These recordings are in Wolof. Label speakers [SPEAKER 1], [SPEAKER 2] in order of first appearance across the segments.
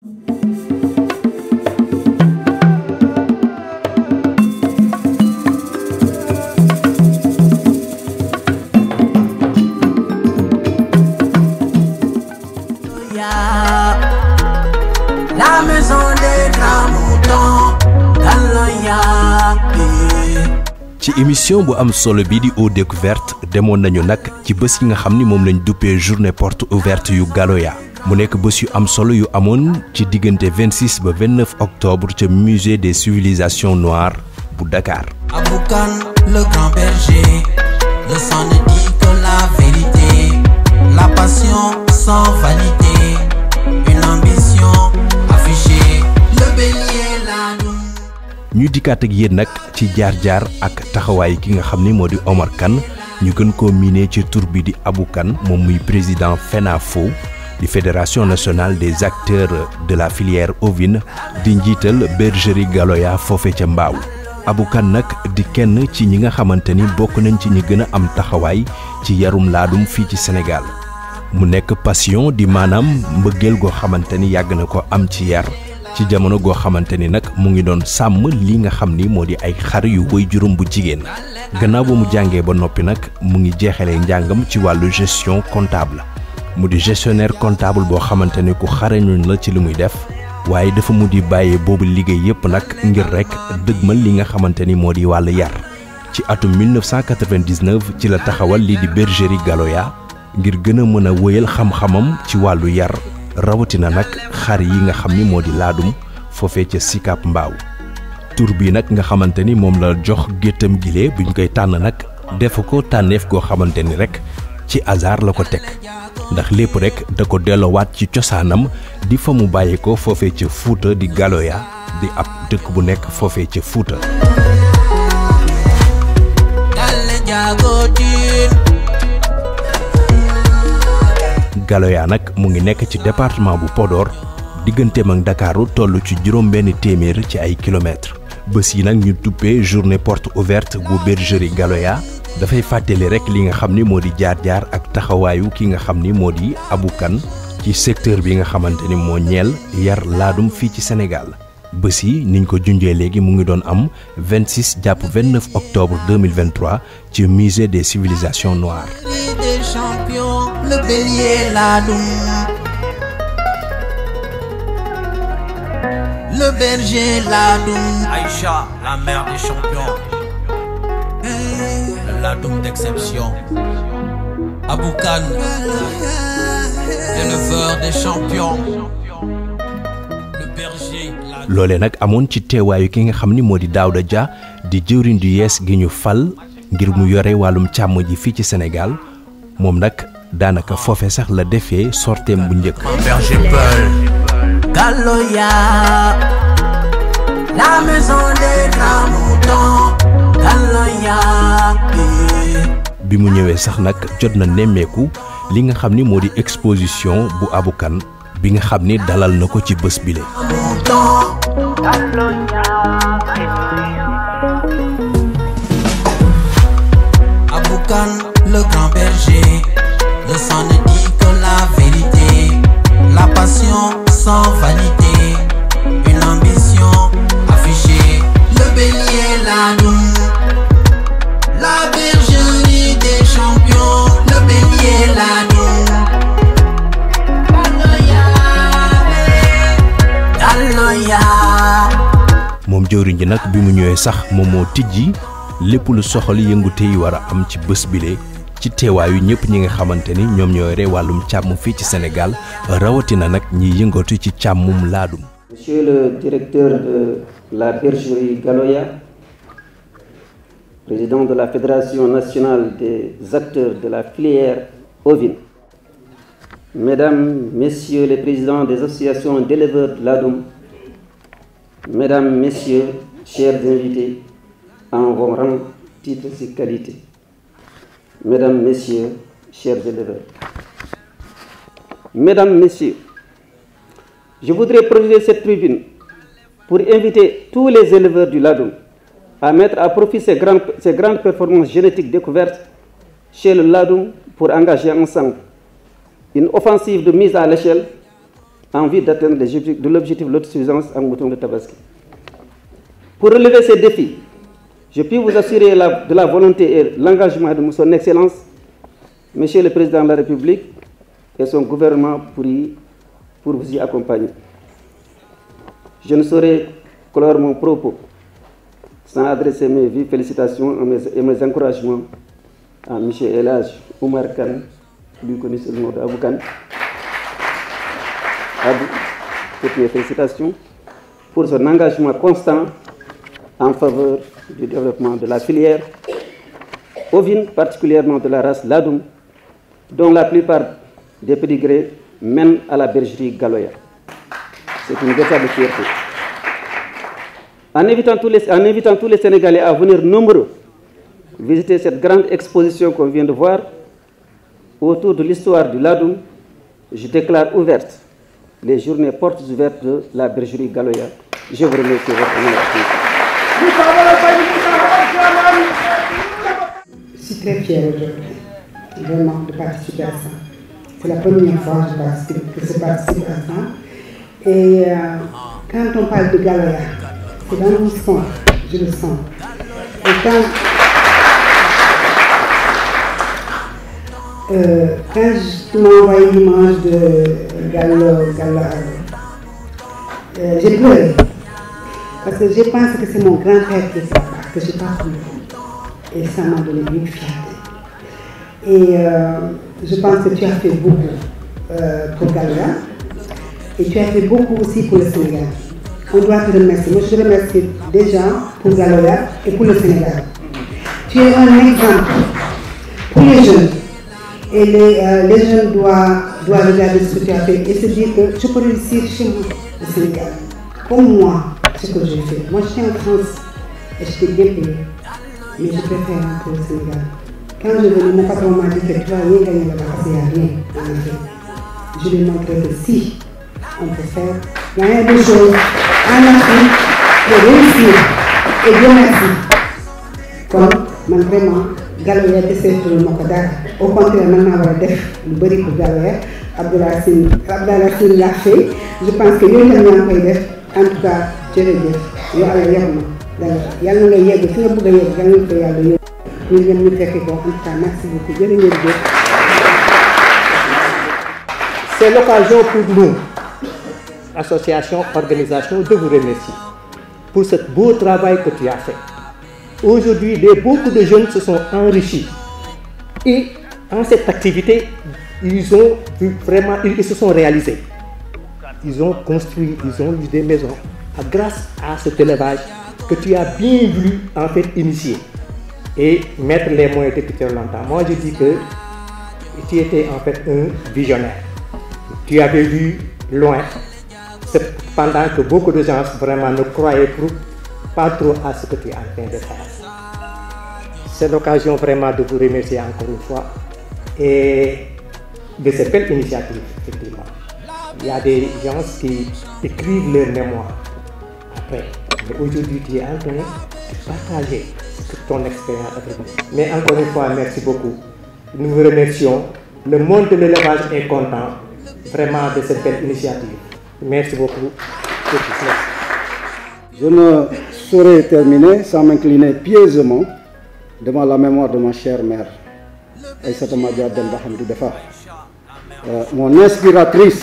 [SPEAKER 1] La maison des grands moutons ci émission bu am solo Découverte de nañu nak ci yi nga ni lañ journée porte ouverte yu Galoya mu nekk bés yu am solo yu ci 26 ba 29 octobre au musée des civilisations noires bu Dakar.
[SPEAKER 2] Aboukan
[SPEAKER 3] le grand berger le sang ne dit que la vérité la passion sans vanité une ambition affichée le bélier la
[SPEAKER 1] ñu dikkaat ak yéen nag ci jaar ak ki nga Omar Kane ñu gën koo miinee ci tur bi di président FENAFO la fédération nationale des acteurs de la filière ovine d'Ingitel bergerie Galoya Fofé ca mbaaw Abou Kane bokunen di kenn ci ñi nga xamanteni nañ ci ñi am ci yarum ci Sénégal mu nekk passion di manam mugel go xamanteni yag na ko am ci yar ci jamono go xamanteni nak mu ngi doon sam li nga xamni modi ay xar yu bu mu ba mu ngi ci gestion comptable mu di gestionnaire comptable boo xamante ni ku xare xarañuñ la ci li muy def waaye dafa mu di bàyyi boobu liggéey yépp nag ngir rekk dëgmal li nga xamante ni moo di wàllu yar ci atum 1999 ci la taxawal lii di bergerie Galoya ngir gën a mën a wëyal xam-xamam ci wàllu yar rawatina nag xar yi nga xam ni moo di laadum foofee ca Sicap Mbao tur bi nag nga xamante ni moom la jox géttam gile ñu koy tànn nag defa ko tànneef koo xamante ni rekk ci hasard la ko teg ndax lépp rek da ko delloowaat ci cosaanam di fa mu bàyyi ko foofee ca Fuuta di Galoya di ab dëkk bu nekk foofee ca Fuuta Galoya nag mu ngi nekk ci département bu podoor digganteem ak Ndakaaru toll ci juróom benn téeméer ci ay kilomètres bés yi nag ñu duppee journée porte ouverte bu bergerie Galoya dafay fàttali rek li nga xam ni moo di jaar-jaar ak taxawaayu ki nga xam ni ci secteur bi nga xamante ni moo ñeel yar laadum fii ci Sénégal bés niñ ko junjee léegi mu ngi am 26 jàpp 29 octobre 2023 ci musée des civilisations noires.
[SPEAKER 4] Le
[SPEAKER 3] la mère
[SPEAKER 5] des champions l'homme d'exception. Aboukan,
[SPEAKER 2] éleveur des champions.
[SPEAKER 1] loolee nag amoon ci teewaayu ki nga xam ni moo di Daouda Dia di jëwriñ du yes gi ñu fal ngir mu yore wàllum càmm ji fii ci Sénégal moom nag daanaka foofe sax la defee la maison des grands bi mu ñëwee sax nag jot na nemmeeku li nga xam ni moo di exposition bu abukan bi nga xam ni dalal na ko ci bés bile. sax moom moo tijji lépp lu soxal yëngute teyi wara am ci bi lé ci teewaayu ñëpp ñi nga xamante ñom ñoy ré yore wàllum fi ci Sénégal na nak ñi yëngatu ci chamum laadum.
[SPEAKER 2] Monsieur le directeur de la bergerie Galoya, président de la Fédération nationale des acteurs de la filière ovine, Mesdames, Messieurs les présidents des associations d'éleveurs de l'ADOM, Mesdames, Messieurs chers invités, en vos rangs, et qualités, mesdames, messieurs, chers éleveurs. Mesdames, messieurs, je voudrais profiter cette tribune pour inviter tous les éleveurs du Ladoum à mettre à profit ces grandes, performances génétiques découvertes chez le Ladoum pour engager ensemble une offensive de mise à l'échelle en vue d'atteindre l'objectif de l'autosuffisance en bouton de Tabaski. Pour relever ces défis, je puis vous assurer de la volonté et l'engagement de son Excellence, Monsieur le Président de la République et son gouvernement pour, vous y accompagner. Je ne saurais clore mon propos sans adresser mes vives félicitations et mes, encouragements à M. Elage Oumar Khan, lui connu le nom toutes mes félicitations pour son engagement constant en faveur du développement de la filière ovine, particulièrement de la race Ladoum, dont la plupart des pédigrés mènent à la bergerie Galoya. C'est une véritable fierté. En invitant, tous les, en invitant tous les Sénégalais à venir nombreux visiter cette grande exposition qu'on vient de voir autour de l'histoire du Ladoum, je déclare ouverte les journées portes ouvertes de la bergerie Galoya. Je vous remercie votre
[SPEAKER 4] je suis très fière aujourd'hui, vraiment, de participer à ça. C'est la première fois que je participe, que je participe à ça. Et euh, quand on parle de galère, c'est dans mon sang, je le sens. Et quand, euh, quand je m'as envoyé image de galère, euh, j'ai pleuré. Parce que je pense que c'est mon grand-père qui est ça, que je parle Et ça m'a donné une fierté. Et euh, je pense que tu as fait beaucoup euh, pour Galia. Et tu as fait beaucoup aussi pour le Sénégal. On doit te remercier. Moi, je te remercie déjà pour Galoya et pour le Sénégal. Tu es un exemple pour les jeunes. Et les, euh, jeunes doivent, doivent regarder ce que tu as fait et se dire que tu peux réussir chez nous au Sénégal. Pour moi, ce que je fais, moi je suis en France et je suis bien payée. Mais je préfère peu au Sénégal. Quand je venais, mon patron m'a dit que tu vas rien ne va passer, n'y a rien en Afrique. Je lui ai montré que si on peut faire rien des choses en Afrique pour réussir. Et bien merci. Comme, moi vraiment, Galoya deseetul de au contraire maintenant maa le a def lu bëri Galoya je pense que yooyu la un peu en tout cas jërëjëf yow Alla yar na dara yàlla nga yegg fi nga bëgg a yegg yàlla nga ko yàlla yóbbu ñu ñoom ñu fekke ko en tout cas merci beaucoup jërë ngeen jëf.
[SPEAKER 6] c' est l' occasion pour nous association organisation de vous remercier pour ce beau travail que tu as fait aujourd'hui des beaucoup de jeunes se sont enrichis et en cette activité ils ont vraiment ils se sont réalisés ils ont construit, ils ont eu des maisons ah, grâce à cet élevage que tu as bien voulu en fait initier et mettre les moyens de faire longtemps. Moi je dis que tu étais en fait un visionnaire. Tu avais vu loin pendant que beaucoup de gens vraiment ne croyaient pas trop à ce que tu es en train de faire. C'est l'occasion vraiment de vous remercier encore une fois et de cette belle initiative, effectivement il y a des gens qui écrivent leur mémoire après. Mais aujourd'hui, tu es en partager ton expérience avec nous. Mais encore une fois, merci beaucoup. Nous vous remercions. Le monde de l'élevage est content vraiment de cette initiative. Merci beaucoup.
[SPEAKER 7] Je ne saurais terminer sans m'incliner pieusement devant la mémoire de ma chère mère, Aïssata Madia Demba Hamdou Defa, euh, mon inspiratrice.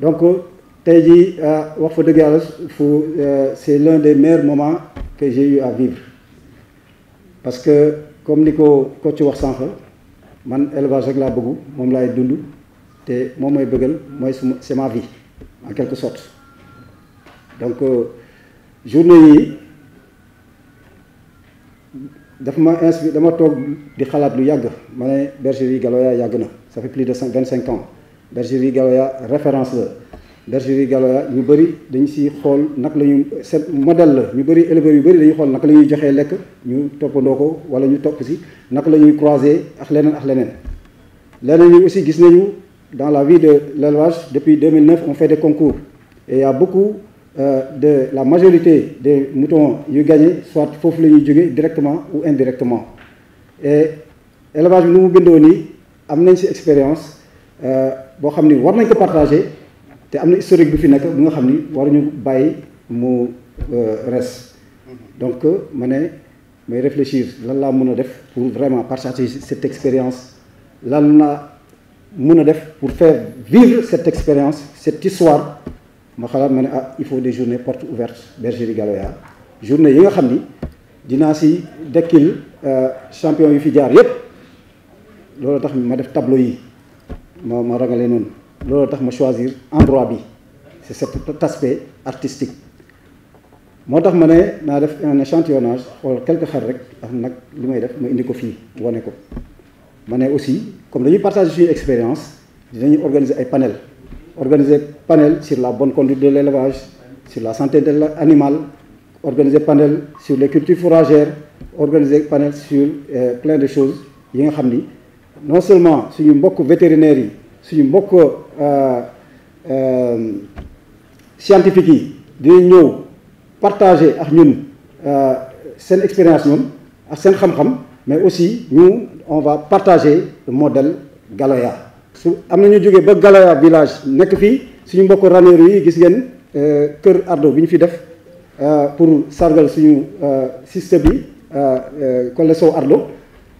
[SPEAKER 7] donc euh, euh, euh, c'est l'un des meilleurs moments que j'ai eu à vivre parce que comme Nico élevage c'est ma vie en quelque sorte donc journée yi inspiré ma suis Galoya ça fait plus de 25 ans bergerie Galoya référence la bergerie Galoya ñu bari dañ ci xol nak lañu ñu modèle la ñu bari éleveur yu bari dañuy xol nak lañu joxé lek ñu topandoko wala ñu top ci nak lañu croiser ak lenen ak lenen lenen ñu aussi gis nañu dans la vie de l'élevage depuis 2009 on fait des concours et il y a beaucoup euh, de la majorité des moutons yu gagné soit pour lañu joggé directement ou indirectement et élevage nous, nu mu am nañ ci expérience euh, boo xam ni war nañ ko partager te am na historique bi fi nekk bu nga xam ni waruñu bàyyi mu euh, res donc euh, ma ne may réfléchir lan laa mën a def pour vraiment partager cette expérience lan laa mën a def pour faire vivre cette expérience cette histoire ma xalaat ma ne ah il faut des journées portes ouvertes bergerie Galoya journée yi nga xam ni dinaa si dekkil euh, champion yu fi jaar yépp loolu tax ma def tableau yi ma ma ragale noonu loolu tax ma choisir endroit bi c'est cet aspect artistique moo tax ma def un échantillonnage xool quelques xar rek ak nag li may def ma indi ko fii ko ma aussi comme dañuy partager suñu expérience dinañu organiser ay panel organiser panel sur la bonne conduite de l'élevage sur la santé de l'animal organiser panel sur les cultures fourragères organiser panel sur euh, plein de choses yi nga xam ni non seulement suñu mbokk vétérinaires yi suñu euh, euh scientifique yi dinañ ñëw partager ak ñun euh, seen expérience nous ak seen xam-xam mais aussi ñu on va partager le modèle Galoya su am na ñu Galaya ba Galoya village nekk fii suñu mbokk raneeru yi gis ngeen euh, kër ardo bi ñu fi def pour sargal suñu système bi euh Sow ardo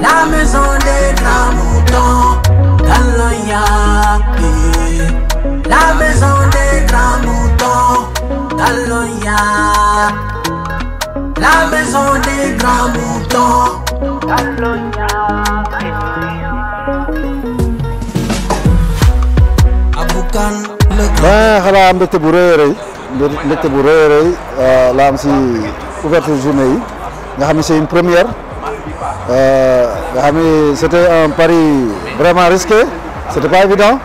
[SPEAKER 8] la maison des grands moutons, dans l'Oyak. La maison des grands moutons, dans l'Oyak. La maison des grands moutons, dans
[SPEAKER 9] l'Oyak.
[SPEAKER 2] Aboukan,
[SPEAKER 7] le grand. xalaat mbégte bu rëy rëy mbégte bu rëy rëy euh, laa am si ouverture journée yi nga xam c'est une première. Euh, c'était un pari vraiment risqué, c'était pas évident.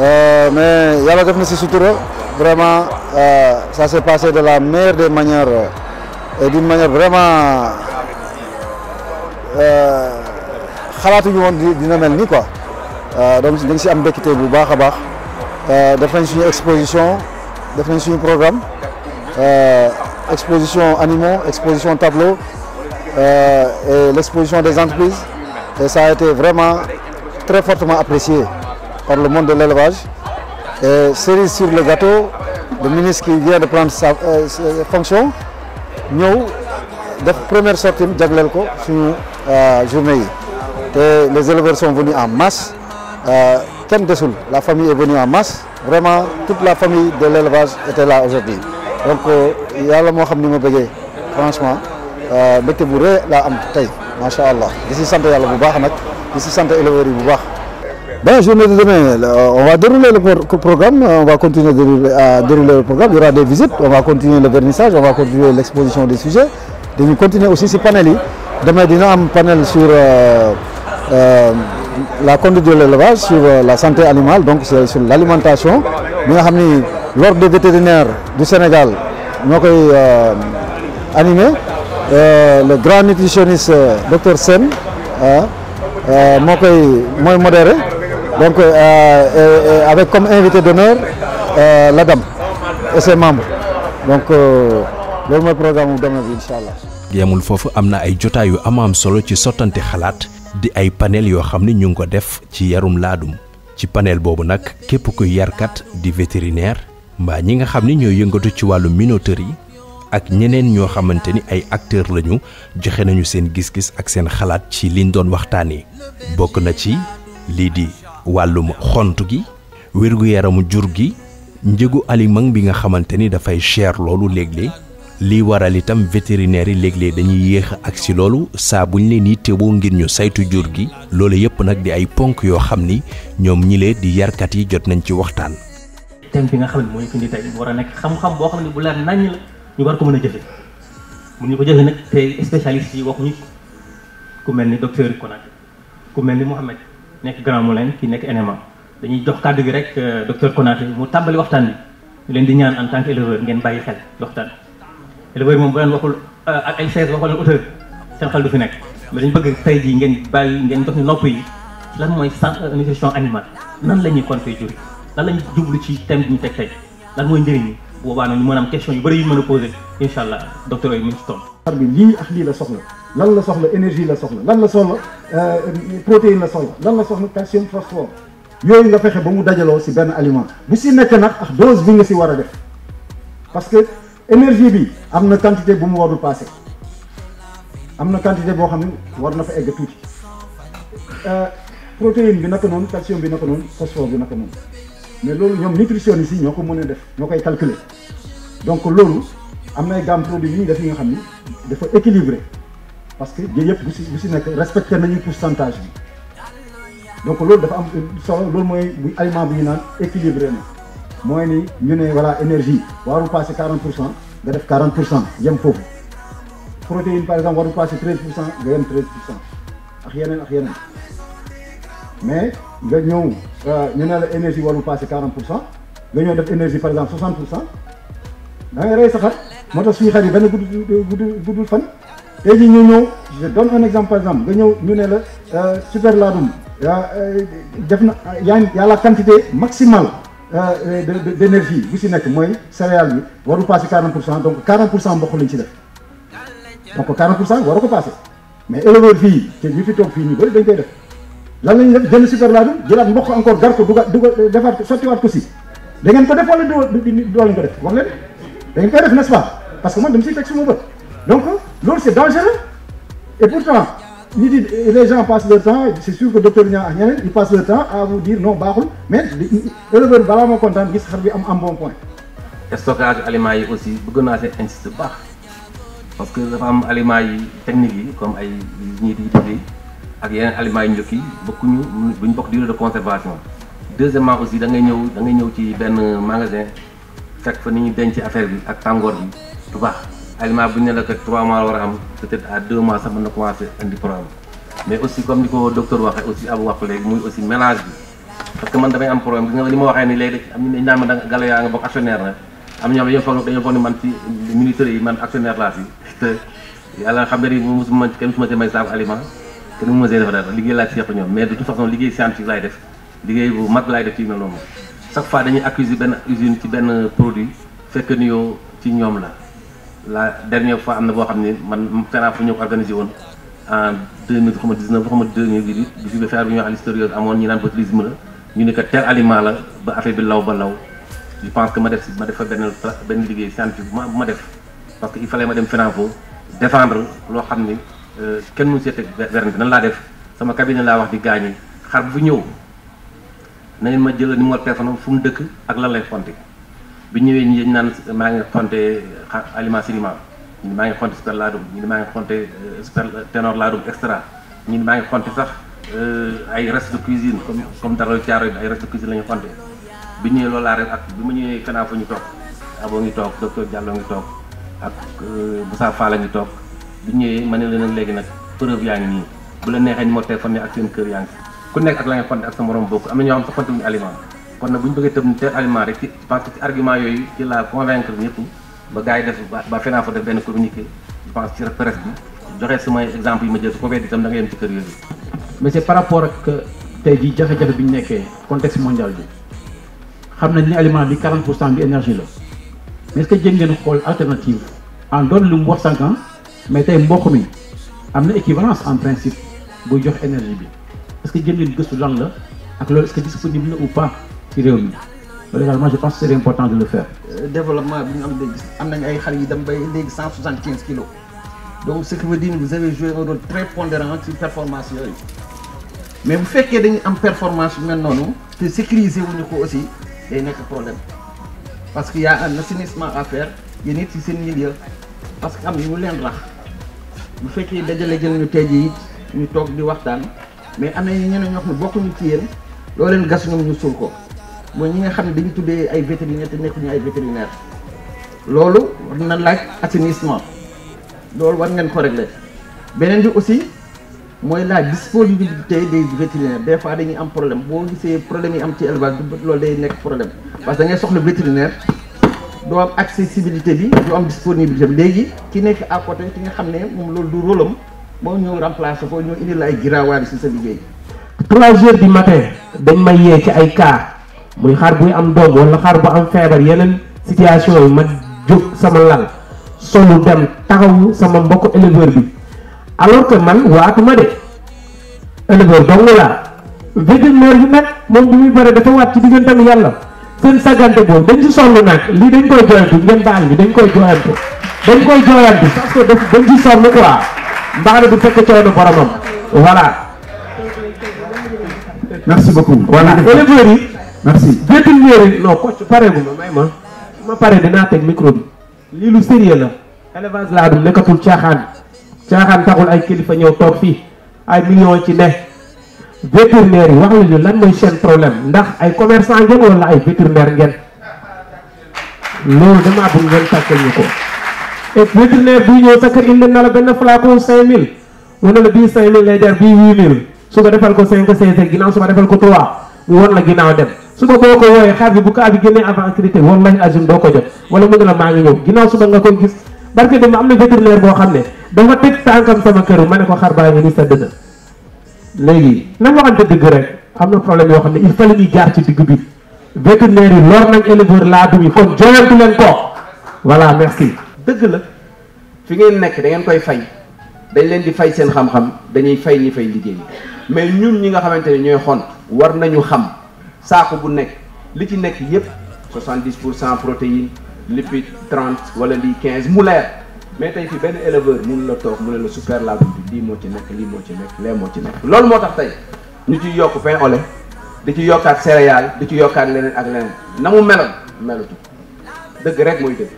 [SPEAKER 7] Euh, mais a la vraiment, euh, ça s'est passé de la meilleure des manières euh, et d'une manière vraiment. donc exposition programme exposition animaux exposition tableau. Euh, et l'exposition des entreprises. Et ça a été vraiment très fortement apprécié par le monde de l'élevage. Et cerise sur le gâteau, le ministre qui vient de prendre sa euh, fonction, nous def première sortie de ko euh, journée Et les éleveurs sont venus en masse la famille est venue en masse vraiment toute la famille de l'élevage était là aujourd'hui donc il a le xam ni ma bëggee franchement euh, mettez vous am allah bu baax bu baax. demain, on va dérouler le programme, on va continuer à dérouler le programme, il y aura des visites, on va continuer le vernissage, on va continuer l'exposition des sujets. De nous continuer aussi ces panels. Demain, il y a un panel sur euh, euh, la conduite de l'élevage, sur la santé animale, donc sur l'alimentation. Nous avons l'ordre des vétérinaires du Sénégal, nous avons animé. Euh, le grand nutritionniste euh, docteur Sen ah, euh, moo koy modéré donc euh, et, et avec comme invité d'honneur euh, la dame et ses membres donc loolu mooy programme demain
[SPEAKER 1] dama bi fofu amna ay jotaay yu am am solo ci sotante xalaat di ay panel yo xamni ñu ngi ko def ci yarum ladum ci panel bobu nak kep kuy yarkat di vétérinaire mba ñi nga xamni ñoy ñooy yëngatu ci walu minoterie ak ñeneen ñoo xamante ni ay acteur lañu joxe nañu seen gis-gis ak seen xalaat ci liñ doon waxtaanee bokk na ci lii di wàllum xont gi wérgu yaramu jur gi njëgu alimang bi nga xamante ni dafay cher loolu léeg-léeg li waral itam vétérinaire yi léeg-léeg dañuy yéex ak si loolu saa buñ leen yittewoo ngir ñu saytu jur gi loolu yépp nag di ay ponk yoo xam ni ñoom ñilee di yarkat yi jot nañ ci waxtaan
[SPEAKER 5] thème bi nga xam ne fi ni tey war a nekk xam-xam boo xam ne bu leer nañ la ñu war ko mën a jëfe mun ñu ko jëfe nag te spécialiste yi waxuñu ku mel ni docteur Konaté ku mel ni Mouhamed nekk Grand Moulin ki nekk NMA dañuy jox kàddu gi rek euh, docteur Konaté mu tàmbali waxtaan bi ñu leen di ñaan en tant que éleveur ngeen bàyyi xel waxtaan éleveur moom ba leen waxul euh, ak ay sees waxul leen auteur seen xel du fi nekk mais dañu bëgg tey jii ngeen bàyyi ngeen jox ñu nopp yi lan mooy euh, nutrition animale nan la ñuy compter jur lan la ñuy ci thème ñu teg lan mooy boobaa nañu mën am question yu bëri yu mën a posé incha allah docteur yooyu mu
[SPEAKER 7] ngi ci lii ak lii la soxla lan la soxla énergie la soxla lan la soxla euh, protéine la soxla lan la soxla calcium phosphore yooyu nga fexe ba mu dajaloo si benn aliment bu si nekk nag ak dose bi nga si war a def parce que énergie bi am na quantité bu mu warul passé am na quantité boo xam ne war na fa egg tuuti euh, protéine bi naka noonu calcium bi naka noonu phosphore bi naka noonu. mais lolu ñom nutritionniste yi ñoo ko def ñoo calculer donc lolu am nay gamme produit yi ñu def yi nga xamni dafa équilibré parce que yooyu bu ci bu si nekk respecté nañu pourcentage bi donc lolu dafa am solo lolu moy bu aliment bu ñu naan équilibré na mooy ni ñu né voilà énergie waru passé 40 pour nga def 40 pour cent yem foofu protéine par exemple waru passé 13 pour cent nga yem 13 ak yenen ak yenen mais nous euh, avons ñu énergie qui énergie warul 40 Nous avons une énergie par exemple 60 Je cent da ngay rey sa xar moo fan je donne un exemple par exemple Nous avons ñu euh, super laadum euh, Il y a la quantité maximale d'énergie vous savez que moi nekk 40 donc 40 pour cent ci donc 40 on va mais élevé vie, c'est ñu fi toog fii ñu lan la ñuy def jënd suukar laa bi jëlaat mboq encore gar ko duga duga defaat ko sottiwaat ko si da ngeen ko def wala du doo ko def wax leen da ngeen koy def n'est-ce pas parce que man dama siy teg suma bët donc loolu c'est dangereux et pourtant ñu di les gens passent leur temps c'est sûr que docteur Niang ak ñeneen ils passent leur temps à vous dire non baaxul mais éleveur balaa moo kontaan gis xar bi am am bon point
[SPEAKER 5] stockage aliments yi aussi bëgg naa see insister bu baax parce que dafa am aliments yi technique yi comme ay ñii di liggéey ak yeneen aliments yu njëkk yi bokkuñu buñ bokk durée de conservation deuxièmement aussi da ngay ñëw da ngay ñëw ci benn magasin fekk fa ni ñu denc affaire bi ak tàngoor bi du baax aliment bu ñu ne la que 3 war a am peut-être à 2 sax mën na commencé indi problème mais aussi comme ni ko docteur waxee aussi ab wax léegi muy aussi mélange bi parce que man damay am ni léegi am nañu naan man galo yaa nga bokk actionnaire la am ñoom dañoo foog dañoo man ci ministère yi man actionnaire laa fi te yàlla xam nga ni mosuma kenn mosuma ci may aliment. que nous ma see dafa dara liggéey laa ci seq mais de toute façon liggéey scientifique laay def liggéey bu mag laay def ci mel chaque fois dañuy accuser ben usine ci ben produit fekk ni yow ci ñoom la la dernière fois am na boo xam man FERA fu ñu ko en 2019 mille xama dix neuf xama deux mille huit bi fi ba FERA bi ñuy wax l'historique la ñu ne que tel aliment la ba affaire bi law ba law je pense que ma def si ma def fa benn benn liggéey scientifique bu ma def parce que il fallait ma dem FENAFO défendre loo xam ni Euh, kenn mu seete verre bi nan laa def sama cabinet laa wax di gaañi xar bu ñëw nañ ma jël numéro téléphone fu mu dëkk ak lan lay bu ñëwee ñu naan maa ngi xonte aliment siriment ñu maa ngi xonte super laadum ñu maa ngi xonte euh, super ténor laadum extra ñu maa ngi xonte sax euh, ay reste de cuisine comme comme dara caaro ay reste de cuisine lañu ñu xonte bi ñëwee loolu laa rek ak bi ma ñëwee kanaa fu ñu toog aboo ngi toog docteur Diallo ngi toog ak Moussa Fall ngi toog bi ñëwee ma ne la nag léegi nag preuve yaa ngi nii bu la neexee numéro téléphone yi ak seen kër yaa ngi ku nekk ak la nga fonte ak sa morom bokk am na ñoo xam sa fonte wuñu bu ñu ni aliment ba gars yi def ba fenaa bi ma jël su ko weddi da nga yem
[SPEAKER 10] par rapport ak tey bi ñu nekkee contexte mondial bi xam nañ ne aliment bi 40 pour cent bi énergie la mais est-ce xool alternative en dehors lu mu wax sànq mais tey il mi am na équivalence en principe pour jox énergie bi est-ce que jëm leen gëstu lan la ak loolu est-ce que disponible ou pas ci réew
[SPEAKER 3] je
[SPEAKER 5] pense que c'est important de le faire.
[SPEAKER 3] Euh, développement bi ñu am léegi am ay bay kilos donc ce que veut dire vous avez joué un rôle très pondérant ci performance mais vous faites que am performance une mel noonu te sécuriser wuñu ko aussi day nekk problème parce qu'il y a un assainissement à faire yéen it ci seen milieu parce que am na leen bu fekkee dajalee jël ñu tey jii ñu toog di waxtaan mais am na ñeneen ñox xam ne bokkuñu ci yéen loo leen gas ñoom ñu suul ko mooy ñi nga xam ne dañu tuddee ay vétérinaire te nekkuñu ay vétérinaire loolu war na laaj assainissement loolu war ngeen ko régler beneen bi aussi mooy la disponibilité des vétérinaires des fois dañuy am problème boo gisee problème yi am ci élevage loolu day nekk problème parce que da ngay soxla vétérinaire doo am accessibilité bi doo am disponibilité bi léegi ki nekk à côté ki nga xam ne moom loolu du rôle moo boo ñëw remplacer ko ñëw indi la ay giraawaari si sa liggéey.
[SPEAKER 10] trois heures du matin dañ may yee ci ay cas muy xar
[SPEAKER 11] buy am doom wala xar bu am feebar yeneen situation yu ma jóg sama lal solu dem taxawu sama mbokk éleveur bi alors que man waatuma de éleveur dong laa vétérinaire bi nag moom bu muy bare dafa waat ci digganteem yàlla. seen sagante boobu dañ ci sonn nag lii dañ koy jooyantu ngeen baal bi dañ koy jooyantu dañ koy jooyantu parce que daf dañ ci sonn quoi mbaa ne du fekk coono boromam voilà. merci beaucoup. voilà éleveurs yi. merci vétérinaire yi non coach pareegu ma may ma ma pare dinaa teg micro lii lu sérieux la élevage laa du nekkatul caaxaan caaxaan taxul ay kilifa ñëw toog fii ay millions ci ne. vétérinaire yi wax nañu lan mooy seen problème ndax ay commerçant ngeen wala ay vétérinaire ngeen loolu damaa bëgg ngeen tàkkal ñu ko et vétérinaire bii ñëw sa kër indi na la benn flacon cinq mille mu la bii cinq mille lay jar bii huit mille suba defal ko cinq cinq ginnaaw suba defal ko trois mu won la ginnaaw dem suba boo ko wooyee xaar bi bu kaa bi génnee avant critique wallahi azim doo ko jot wala mu ne la maa ngi ñëw su suba nga koy gis barke dem am boo xam ne dafa teg tànkam sama ko xar baa ngi ni léegi nañ waxante dëgg rek am na problème yoo xam ne il fallait ñu jaar ci digg bi vétérinaire yi lor nañ éleveur laa dumi kon joyantu leen ko voilà merci
[SPEAKER 10] dëgg la fi ngeen nekk da ngeen koy fay dañ leen di fay seen xam-xam dañuy fay ni fay liggéey mais ñun ñi nga xamante ne ñooy xont war nañu xam saako bu nekk li ci nekk yépp soixante-dix pour cent protéines lipide trente wala lii quinze mu mais tey fii benn éleveur mun la toog mu ne la super labour bi lii moo ci nekk lii moo ci nekk lee moo ci nekk loolu moo tax tey ñu ci yokk pain au di ci yokkaat céréales di ci yokkaat leneen ak leneen na mu meloon melatu dëgg rek mooy dëgg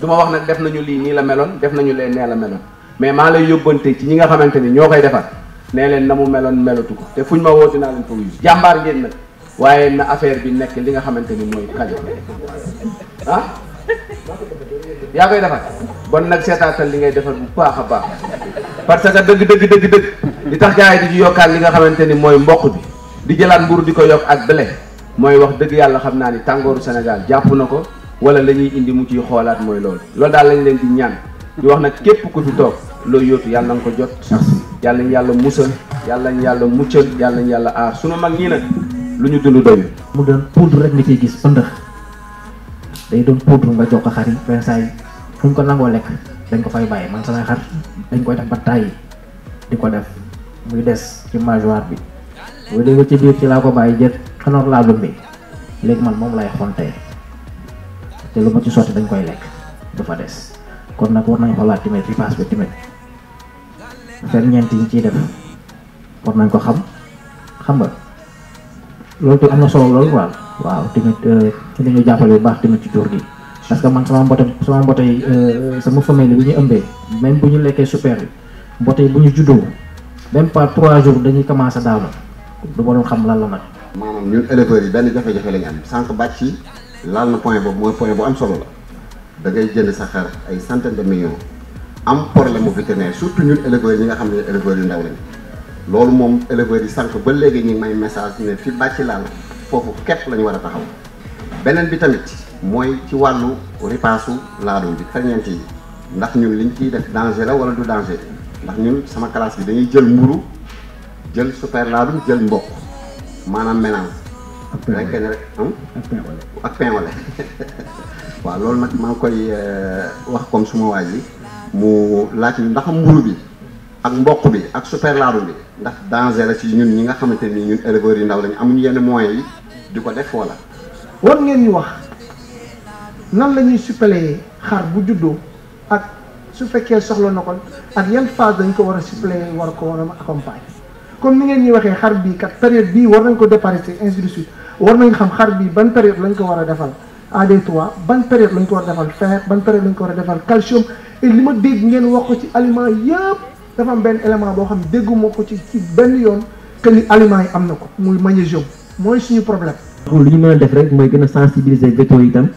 [SPEAKER 10] du wax nag def nañu lii nii la meloon def nañu leen nee la meloon mais maa lay yóbbante ci ñi nga xamante ni ñoo koy defar nee leen na mu meloon melatu ko te fuñ ma woo dinaa leen fa wuyu jàmbaar ngeen nag waaye na affaire bi nekk li nga xamante ni mooy kajo ah Ya koy defal bon nag seetaatal li ngay defal bu baax a baax parce que dëgg dëgg dëgg dëgg li tax gars di ci li nga xamante ni mooy bi di jëlaat mburu di ko yokk ak blé mooy wax dëgg yàlla xam naa ni tàngooru Sénégal jàpp na wala la ñuy indi mu ciy xoolaat mooy loolu loolu daal lañ leen di ñaan di wax nag képp ku fi toog loo yóotu yàlla nga ko jot yàlla ñu yàlla musal yàlla ñu yàlla muccal yàlla ñu yàlla aar sunu mag ñii nag lu ñu dund
[SPEAKER 5] mu doon poudre rek nga ciy gis ëndax day doon poudre nga jox ko xar yi benn saa yi ko nangoo lekk dañ ko fay bàyyi man samay xar dañ koy def ba tàyyi di ko def muy des ci majoire bi bu ci biir ci laa ko bàyyi jët xanor laa lumbi léegi man moom lay xontee te lu ma ci sotti dañ koy lekk dafa des kon nag war nañ xoolaat tamit ripaas bi tamit ferñeent yi ñu ciy def war nañ ko xam xam nga loolu te am na solo loolu waaw waaw tamit ci ñu jàppale bu baax tamit ci jur gi parce que man sama mbote sama mbote yi euh, sama famille bi ñu ëmbee même bu ñu lekkee super bi mbote yi bu ñu juddoo même pas trois jours dañuy commencé daanu du ma doon xam lan la nag.
[SPEAKER 12] maanaam ñun éleveurs yi benn jafe-jafe la ñu am sànq bàcc yi laal na boobu mooy point bu am solo la da ngay jënd sa xar ay centaine de millions am problème mu surtout ñun éleveurs yi nga xam ne éleveurs yu ndaw lañ loolu moom éleveurs yi sànq ba léegi ñu may message ne fi bàcc laal. fofu képp lañu wara taxaw benen bi tamit moy ci wàllu ripaasu laadum bi ferñeent ndax ñun liñ ci def danger la wala du danger ndax ñun sama classe bi dañuy jël muru jël super laadum jël mbokk manam mélange rek ene rek ak pain au lait waaw loolu nag maa ngi koy euh, wax comme suma waji mu laaj ñu ndax muru bi ak mbokk bi ak super laadum bi ndax danger la ci ñun ñi nga xamanteni ñun éleveur yi ndaw lañ amuñu yenn moyens yi di ko def wala.
[SPEAKER 6] war ngeen ñu wax nan la ñuy suppléer xar bu juddoo ak su fekkee soxla na ko ak yan phase dañ ko war a suppléer war ko war a accompagne comme ni ngeen ñuy waxee xar bii kat périod bii war nañ ko déparasiter ainsi de suite war nañ xam xar bii ban période lañ ko war a defal AD3 ban période lañ ko war a defal fer ban période lañ ko war a defal calcium et li ma dégg ngeen wax ko ci aliment yëpp dafa benn élément boo xam ne dégguma ko ci ci benn yoon que ni yi am na ko muy magnésium. mooy suñu problème.
[SPEAKER 2] li ñu mën a def rek
[SPEAKER 3] mooy gën a sensibiliser vétérinaires itam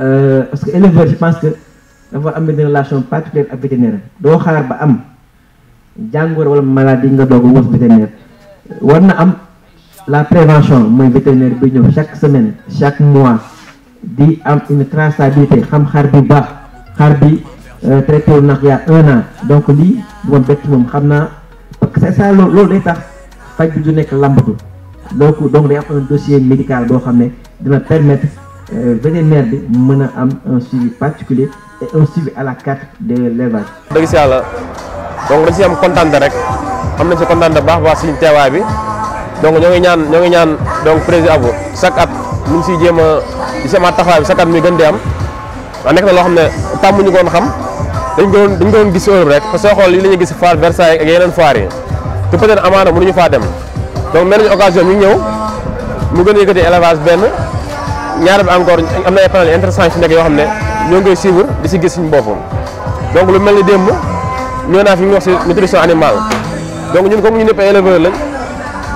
[SPEAKER 3] euh, parce que éleveur je pense que dafa am benn relation particulière ak vétérinaire doo xaar ba am jàngoro wala maladie nga doog a wax war na am la prévention mooy vétérinaire bi ñëw chaque semaine chaque mois di am une traçabilité xam xar bi baax xar bi euh, traité nag yaa un an donc lii du ma moom xam naa parce loolu day tax faj bi du nekk lambatu. donc donc day am un dossier médical boo xam ne dina permettre euh, vétérinaire bi mën a am un suivi particulier et un suivi à la carte
[SPEAKER 2] de l'élevage.
[SPEAKER 11] dëgg si yàlla donc dañ si am contente rek am nañ si contente baax baax suñu teewaay bi donc ñoo ngi ñaan ñoo ngi ñaan donc président Abou chaque at ñu ngi siy jéem a di sama taxawaay bi chaque at muy gën di am waaw nekk na loo xam ne ñu ko woon xam dañ ko doon dañ ko doon gis Europe rek te soo xool li la ñuy gis foire Versailles ak yeneen foire yi te peut être amaana mënuñu faa dem donc mel nañu occasion ñu ñew mu gën yëkëti élevage ben ñaar bi encore am na ay panel intéressant ci ndeg yo xamné ñoo ngi suivre di ci gis suñu bopp donc lu melni dem démb ñoo naa fi ñu wax ci nutrition animale donc ñun comme ñu ñëpp ay éleveur lañ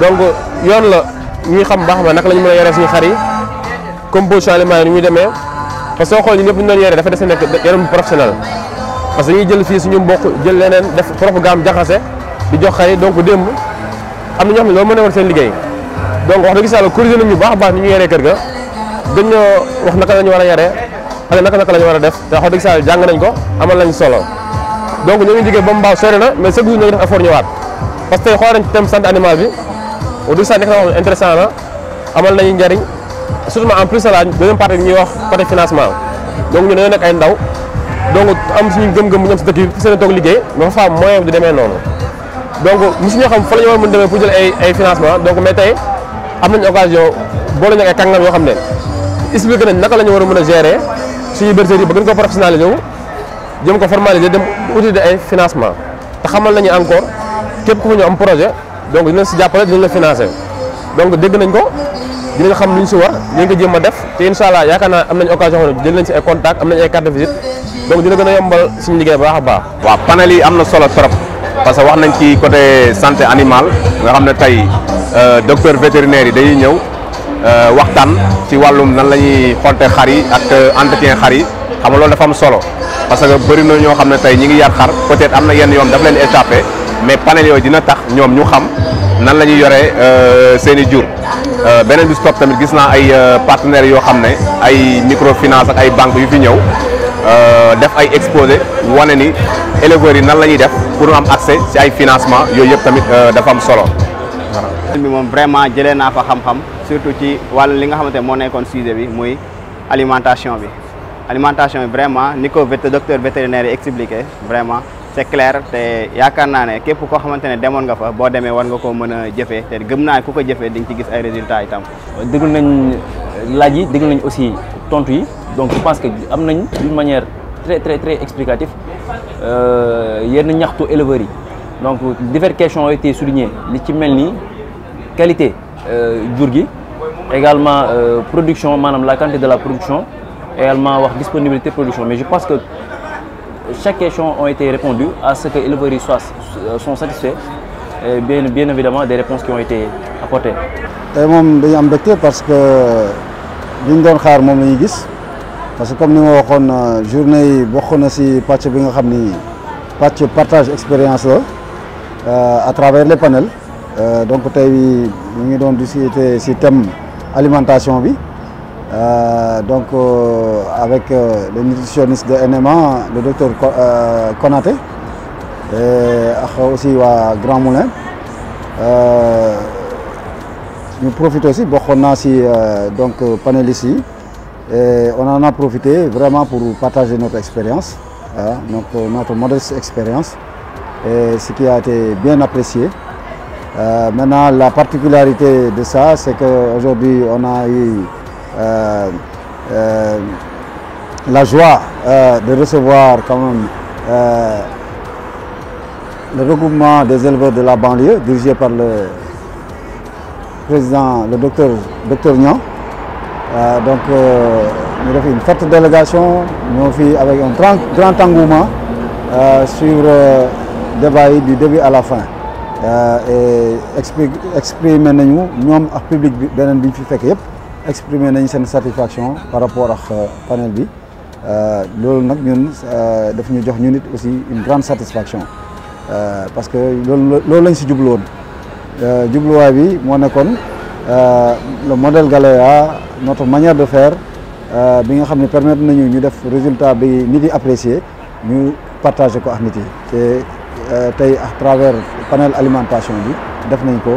[SPEAKER 11] donc yoon la ñuy xam baax ba nak la mëna yéré suñu xari comme bo alimentaire yi ñu démé parce que xol ñu ñëpp ñu doon yoree dafa dess nek yaram professionnel parce que ñi jël fi suñu mbokk jël leneen def propre gaam di jox xari donc dem am na ñoo xam ne loolu moo nekkoon seen liggéey donc wax dëgg si yàlla corrigé nañu baax baax ni ñu yaree kër ga dañ wax naka la ñu war a yaree ak naka naka la ñu war a def te wax dëgg si yàlla jàng nañ ko amal nañ solo donc ñoo ngi jógee ba mbaaw sori na mais chaque jour ñoo ngi def effort ñëwaat parce que tey xool na ñu intéressant na amal nañu njariñ surtout ñuy wax côté financement donc ñu dañoo nekk ay ndaw donc am suñu gëm-gëm bu ñu am si dëkk seen toog liggéey mais fa moyen bi du demee noonu donc mu ñoo xam fa la ñu war mën demee pour jël ay ay financement donc mais tey am nañu occasion boo ñu ak ay kàngam yoo xam ne expliqué nañ naka la ñu war a mën a gérer suñu bergerie yi ba gën ko professionnaliser wu jëm ko formaliser dem utiliser ay financement te xamal nañu encore képp ku fa am projet donc dinañ si jàppale dinañ la dégg nañ ko dinañ xam lu ñu si war dinañ ko jéem def te incha allah yaakaar naa am nañ occasion xam ne jël dina gën a yombal suñu
[SPEAKER 13] liggéey baax a baax. waaw panel yi am na solo trop. parce que wax nañ ci côté santé animale nga xam ne tey euh, docteur vétérinaire yi dañuy ñëw euh, waxtaan ci wàllum nan la ñuy xonte xar yi ak euh, entretien xar yi xam nga loolu dafa am solo parce que bëri na ñoo xam ne tey ñi ngi yar xar peut-être am na yenn yoon daf leen échappé mais panel yooyu dina tax ñoom ñu xam nan la ñuy yoree seen i jur. beneen bi tamit gis naa ay partenaires yoo xam ne ay microfinance ak ay banques yu fi ñëw. Euh, def ay exposé wane ni éleveurs yi nan la ñuy def pour am accès si ay financement yooyu yëpp tamit euh, dafa am solo
[SPEAKER 12] voilà. bi moom vraiment jëlee naa fa xam-xam surtout ci wàllu li nga xamante moo nekkoon sujet bi muy alimentation bi alimentation bi vraiment ni ko docteur vétérinaire yi expliqué vraiment. c'est clair té yakarna né ne képp ko xamanténé démon nga fa bo démé war nga ko
[SPEAKER 9] mëna jëfé té gëm na ku ko jëfé di nga ci gis ay résultats itam. déglu nañ laaj yi déglu nañ aussi tontu yi donc je pense que am nañ d'une manière très très très explicative euh, yenn ñaxtu éleveurs yi donc diverses questions ont été soulignées li ci melni qualité euh, jur gi également euh, production manam la quantité de la production également wax disponibilité production mais je pense que chaque question a été répondue à ce que les éleveurs sont satisfaits, et bien, bien évidemment des réponses qui ont été apportées.
[SPEAKER 7] Je suis dañu parce que je suis doon xaar moom parce que comme ni dit, une euh, journée yi bokk na si partage expérience euh, à travers les panels euh, donc nous avons un système discuter système thème alimentation euh, donc, euh, avec euh, le nutritionniste de NMA, le docteur Konate et aussi à Grand Moulin. nous profitons aussi, on a aussi donc, panel ici, et on en a profité vraiment pour partager notre expérience, notre, modeste expérience, ce qui a été bien apprécié. maintenant, la particularité de ça, c'est qu'aujourd'hui, on a eu euh, euh, la joie euh, de recevoir quand même le regroupement des éleveurs de la banlieue dirigé par le président, le docteur, docteur Nian. donc, nous avons une forte délégation, nous avons fait avec un grand, grand engouement sur le débat du début à la fin. et exprimer nous, nous avons public, nous avons fait exprimer nañ seen satisfaction par rapport ak euh, panel bi euh, loolu nag ñun euh, daf ñu jox ñu nit aussi une grande satisfaction parce que loolu loolu lañ si jublu woon jubluwaay bi moo nekkoon le modèle Galoya notre manière de faire bi nga xam ne permettre nañu ñu def résultat bi nit yi apprécier ñu partager ko ak nit yi te tey à travers panel alimentation bi def nañ ko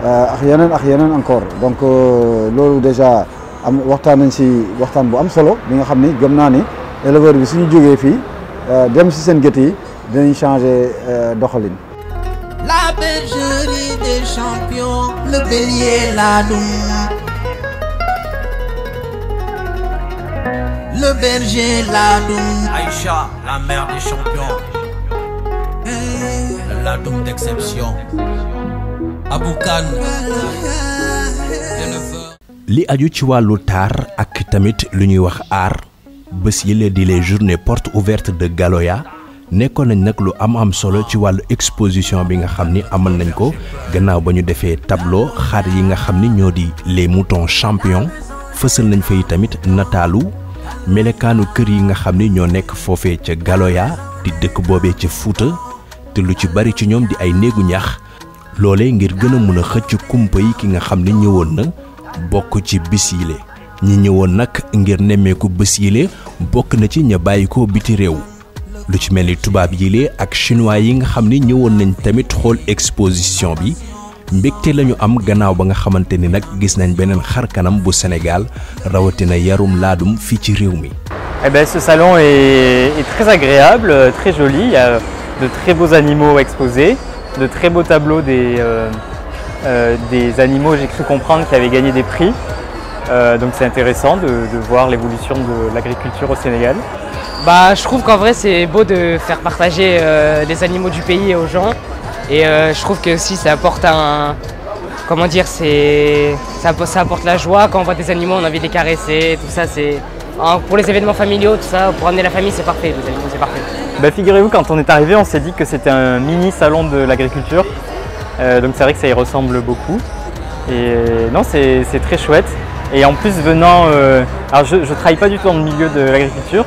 [SPEAKER 7] Euh, ak yeneen ak yeneen encore donc euh, lolu déjà am waxtaan nañ ci waxtan bu am solo bi nga xamni ni gëm naa ni éleveur bi suñu jógee fi euh, dem ci sen gëti yi changer doxalin. La
[SPEAKER 4] bergerie des champions, le bélier la doum. Le berger la
[SPEAKER 1] doum. Aïcha, la mère des champions. La ladoum
[SPEAKER 5] d'exception. Abou
[SPEAKER 1] li aju ci wàllu taar ak tamit lu ñuy wax aar bés yële di les journées porte ouverte de Galoya nekkoon nañ nag lu am am solo ci wàllu exposition bi nga xam ni amal nañ ko gannaaw ba ñu defee tablo xar yi nga xam ni ñoo di les moutons champions fësal nañ fay tamit nataalu melekaanu kër yi nga xam ni ñoo nekk foofee ca Galoya di dëkk boobee ca Fuuta te lu ci bari ci ñoom di ay néegu ñax lolé ngir gëna mëna mun a xëcc kumpa ki nga xam ne ñëwoon na bokku ci bis ñi ñëwoon nak ngir nemmeeku bés yile bokk na ci ña bayiko biti réew lu ci melni ni tubaab yile ak chinois yi nga xam ni ñëwoon nañ tamit xool exposition bi mbékté lañu am gannaaw ba nga xamante ni nag gis nañ benen xar kanam bu Sénégal rawatina yarum laadum fi ci réew mi.
[SPEAKER 14] Eh ben, ce salon est, est très agréable, très joli, il y a de très beaux animaux exposés de très beaux tableaux des, euh, euh, des animaux, j'ai cru comprendre, qui avaient gagné des prix. Euh, donc c'est intéressant de, voir l'évolution de l'agriculture au Sénégal. Bah, je trouve qu'en vrai c'est beau de faire partager les animaux du pays aux gens et je trouve que aussi ça apporte un, comment dire, c'est ça, apporte la joie quand on voit des animaux, on a envie de les caresser, tout ça. C'est pour les événements familiaux, tout ça, pour amener la famille, c'est parfait. c'est parfait bah, Figurez-vous, quand on est arrivé, on s'est dit que c'était un mini salon de l'agriculture. Euh, donc c'est vrai que ça y ressemble beaucoup. Et euh, non, c'est très chouette. Et en plus, venant. Euh, alors je ne travaille pas du tout dans milieu de l'agriculture,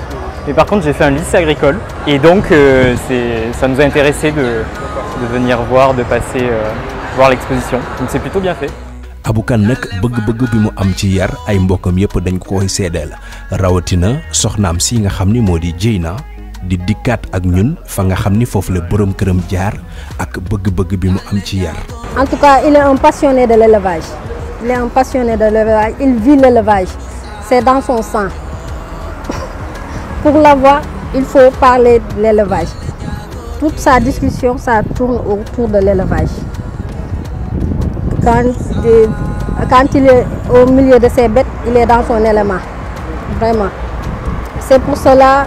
[SPEAKER 14] mais par contre, j'ai fait un lycée agricole. Et donc, ça nous a intéressé de, de venir voir, de passer voir l'exposition. Donc c'est plutôt bien fait.
[SPEAKER 1] bi mu yar si en
[SPEAKER 8] tout cas il est un passionné de l'élevage il est un passionné de l'élevage il vit l'élevage c'est dans son sang pour la l'avoir il faut parler de l'élevage toute sa discussion ça tourne autour de l'élevage quand il est au milieu de ses bêtes il est dans son élément vraiment c'est pour cela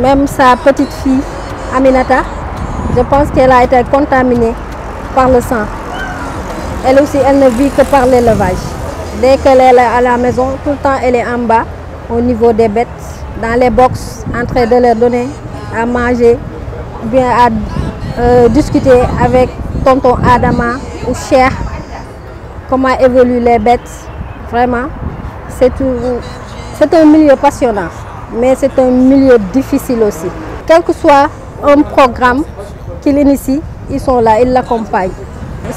[SPEAKER 8] même sa petite fille, Aminata, je pense qu'elle a été contaminée par le sang. Elle aussi, elle ne vit que par l'élevage. Dès qu'elle est à la maison, tout le temps, elle est en bas, au niveau des bêtes, dans les boxes, en train de leur donner à manger, bien à euh, discuter avec tonton Adama ou Cher, comment évoluent les bêtes. Vraiment, c'est un milieu passionnant mais c'est un milieu difficile aussi. Quel que soit un programme qu'ils initient.. ils sont là, ils l'accompagnent.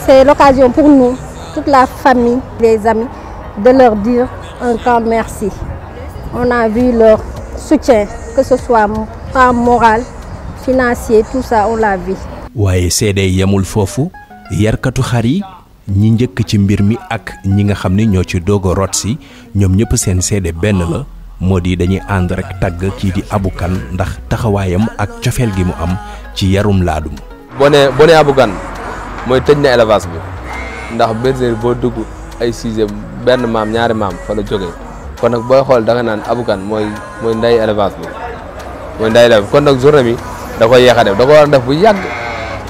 [SPEAKER 8] C'est l'occasion pour nous, toute la famille, les amis, de leur dire un grand merci. On a vu leur soutien, que ce soit moral, financier, tout ça, on l'a vu.
[SPEAKER 1] yamul fofu moo di dañuy ànd rek tagg kii di Abou ndax taxawaayam ak cofeel gi mu am ci yarum laadum.
[SPEAKER 15] boo nee boo nee mooy tëj na élevage bi ndax bergerie boo dugg ay sixième benn maam ñaari maam fa la jógee kon nag booy xool da naan Abou Kane mooy mooy nday élevage bi mooy nday élevage kon nag journée bi da koy yéex a def da ko war a def bu yàgg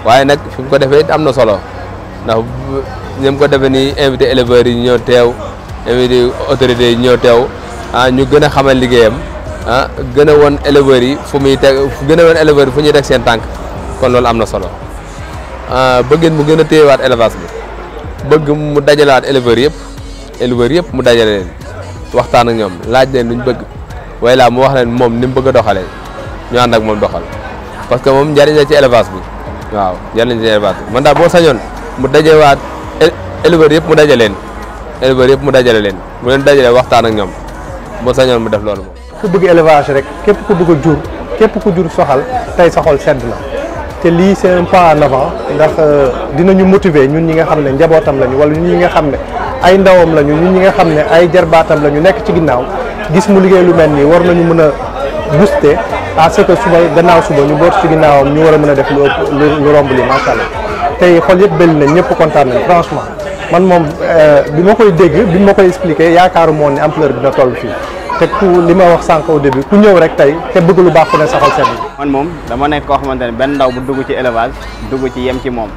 [SPEAKER 15] waaye nag fi mu ko defee am na solo ndax ñi ko defee nii invité éleveurs yi ñëw teew invité autorités yi ñëw teew. Ah, ñu gëna xamal ligéyam ah gëna won éleveur yi fu muy teg gën won éleveur fu ñuy tek seen tank kon loolu am na solo ah, bëggeen mu gëna a téyewaat élevage bi bëgg mu dajalaat éleveur yëpp éleveur yëpp mu dajalé leen waxtaan ak ñoom laaj leen luñ bëgg way laa mu wax leen mom nim bëgg doxalé ñu and ak mom doxal parce que mom njariñ la ci élevage bi waaw njariñ la ci élevage man da bo sañon mu dajewaat éleveur yëpp mu dajalé leen éleveur yëpp mu dajalé leen mu leen dajalé waxtaan ak ñoom boo ba sañoon mu def loolu moom.
[SPEAKER 6] ku bëgg élevage rek képp ku bëgg a jur képp ko jur soxal tey sa xol sedd na te lii c'est un pas en avant euh, dina ñu motiver ñun ñi nga xam ne njabootam lañu wala ñun ñi nga xam ne ay ndawam lañu ñun ñi nga xam ne ay jarbaatam lañu nekk ci ginnaaw gis mu liggéey lu mel nii war nañu mën a booster à ce que suba gannaaw suba ñu boot ci ginnaawam ñu war a mën a def lu ëpp lu romb li macha allah tey xol yëpp bëri na ñëpp kontaan nañu man moom euh, bi ma koy dégg bi ma koy expliqué yaakaaru moon ni ampleur bi na toll fii te ku li ma wax sànq au début ku ñëw rek tey te bëgg lu baax ku ne saxal sedd
[SPEAKER 12] man moom dama nekk koo xamante ne benn ndaw bu dugg ci élevage dugg ci yem ci moom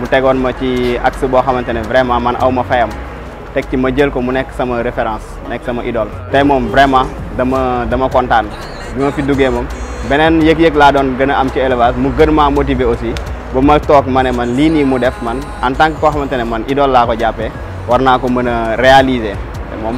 [SPEAKER 12] mu tegoon ma ci axe boo xamante ne vraiment man aw ma fayam teg ci ma jël ko mu nekk sama référence nekk sama idole tey moom vraiment dama dama kontaan bi ma fi duggee moom beneen yëg-yëg laa doon gën a am ci élevage mu gën maa motiver aussi ba ma toog ma ne man lii nii mu def man en tant que koo xamante ne man idole laa ko jàppee war naa ko mën a réaliser moom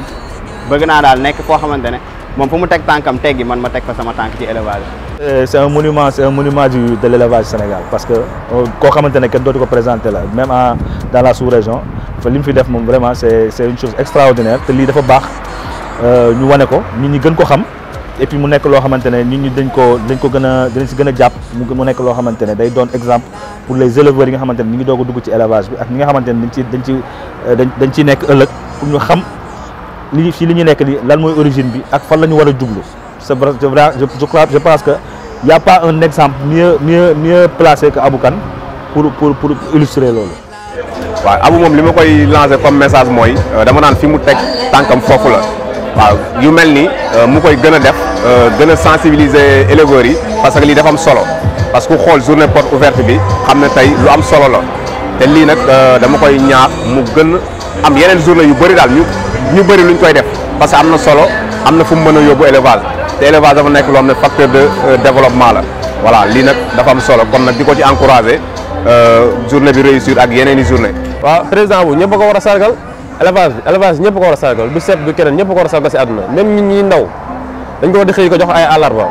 [SPEAKER 12] bëgg naa daal nekk koo xamante ne moom fu mu teg tànkam teggi man ma teg fa sama tànk ci
[SPEAKER 15] élevage euh, c'est un monument c'est un monument du de l'élevage Sénégal parce que euh, koo xamante ne kenn dootu ko présenté la même en dans la sous-région fa li mu fi def moom vraiment c'est c'est une chose extraordinaire te lii dafa baax euh, ñu wane ko nit ñi gën ko xam et mu nekk loo xamante ne nit ñi dañ ko dañ ko gën a dañ si gën a jàpp mu nekk loo xamante ne day doon exemple pour les éleveurs yi nga xamante ne ñu ngi doog a dugg ci élevage bi ak ñi nga xamante dañ ci euh, ciy nekk ëllëg pour ñu xam li si li ñu nekk li lan mooy origine bi ak fan la ñu war a jublu c'est vrai je crois pense que y pas un exemple mieux mieux mieux placé que Abou Kane pour pour pour illustrer loolu
[SPEAKER 13] waaw Abou moom li ma koy lancer comme message mooy euh, dama naan fi mu teg tànkam foofu la waaw yu melni euh, mu koy gëna def euh, gëna sensibiliser éleveurs parce que li dafa am solo parce que xol journée porte ouverte bi xamna tay lu am solo la té li nak euh, dama koy ñaax mu gën am yenen journée yu bari dal ñu ñu bari luñ koy def parce que amna solo amna fu mu mën a élevage té élevage dafa nek loo xam facteur de développement la voilà li nak dafa am solo kon nak diko ci encourager journée bi réussir ak yenen journée
[SPEAKER 11] wa président bu ñëpp ko wara sargal élevage élevage ñëpp ko war a sargal du seet du keneen ñëpp ko war a sargal si àdduna même ñi ñi ndaw dañ ko war di xëy ko jox ay alarba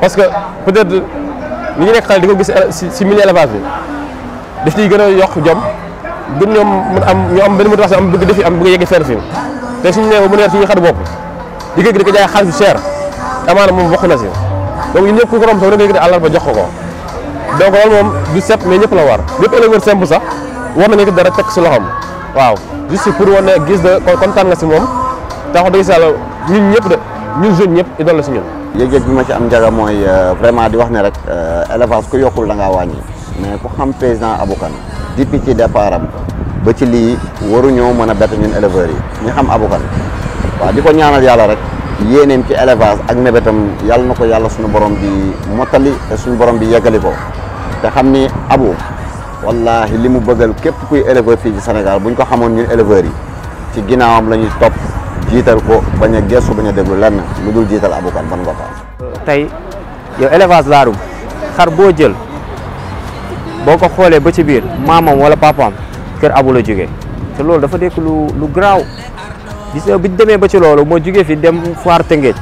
[SPEAKER 11] parce que peut être ni ñu nekk xale di ko gis si milieu élevage bi daf ciy gën a yokk jom gën ñoom mun am ñu am benn motivation am bëgg defi am bëgg yegg fenn fi te suñu nee mu neer suñu xar bopp di ko di ko jaay xaalis bu cher amaana moom bokk na si donc ñun ñëpp ku ko romb sax da nga yëkkati alarba jox ko ko donc loolu moom du set mais ñëpp la war lépp éleveur simple sax war nañu ko dara teg si loxam waaw juste pour wane ne gis da kontaan nga si
[SPEAKER 12] moom tax dëgg si yàlla ñun ñëpp de ñun jeune ñëpp idole la si ñun. yëg-yëg bi ma ci am njaga mooy euh, vraiment di wax ne rek euh, élevage ku yokkul da ngaa wàññi mais ku xam président Abou Kane depuis ci départ am ba ci lii waruñoo mën a bett ñun éleveurs yi ñu xam Abou Kane waaw di ko ñaanal yàlla rek yéeneem ci élevage ak nebetam yàlla na ko yàlla suñu borom bi mottali te suñu borom bi yeggali ko te xam ni Abou wallahi limu bëggal képp kuy éleveur fi ci Sénégal buñ ko xamone ñun éleveur yi ci ginaawam la top jital ko baña a baña bañ a lenn mudul jital jiital abukan ban nga ko
[SPEAKER 6] tay
[SPEAKER 11] yow élevage laarum xar bo jël boko xolé ba ci biir mamam wala papam kër abu la jógee té loolu dafa nekk lu lu graw gis yow bi démé ba ci loolu mo jógee fi dem foire Tëngéej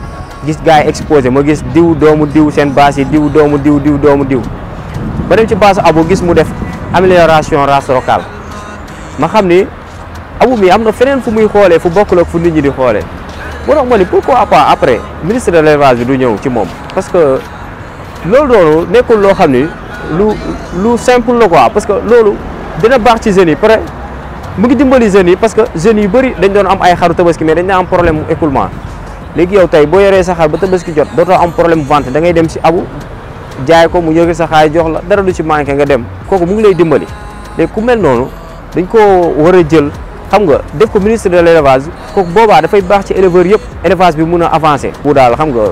[SPEAKER 11] gis gaay exposé mo gis diw doomu diw sen baas diw doomu diw diw doomu diw ba dem ci abu gis mu def amélioration race locale ma xam ni abu mii am na feneen fu muy xoolee fu bokkul ak fu nit ñi di xoole moo tax ma ni après ministre de l'élevage bi du ñëw ci moom parce que loolu doonu nekkul loo xam ni lu lu simple la quoi parce que loolu dina baax ci jeunes yi pare mu ngi dimbali jeunes yi parce que jeunes yu bëri dañ doon am ay xaru tabaski mais dañ na am problème mu écoulement léegi yow tey boo yoree sa xar ba tabaski jot dootoo am problème vente da ngay dem si abu jaay ko mu yëge sa xaay jox la dara du ci manqué nga dem kooku mu ngi lay dimbali léegi ku mel noonu dañ ko war a jël xam nga def ko ministre de l' élevage kooku boobaa dafay baax ci éleveur yëpp élevage bi mun a avancé bu daal xam nga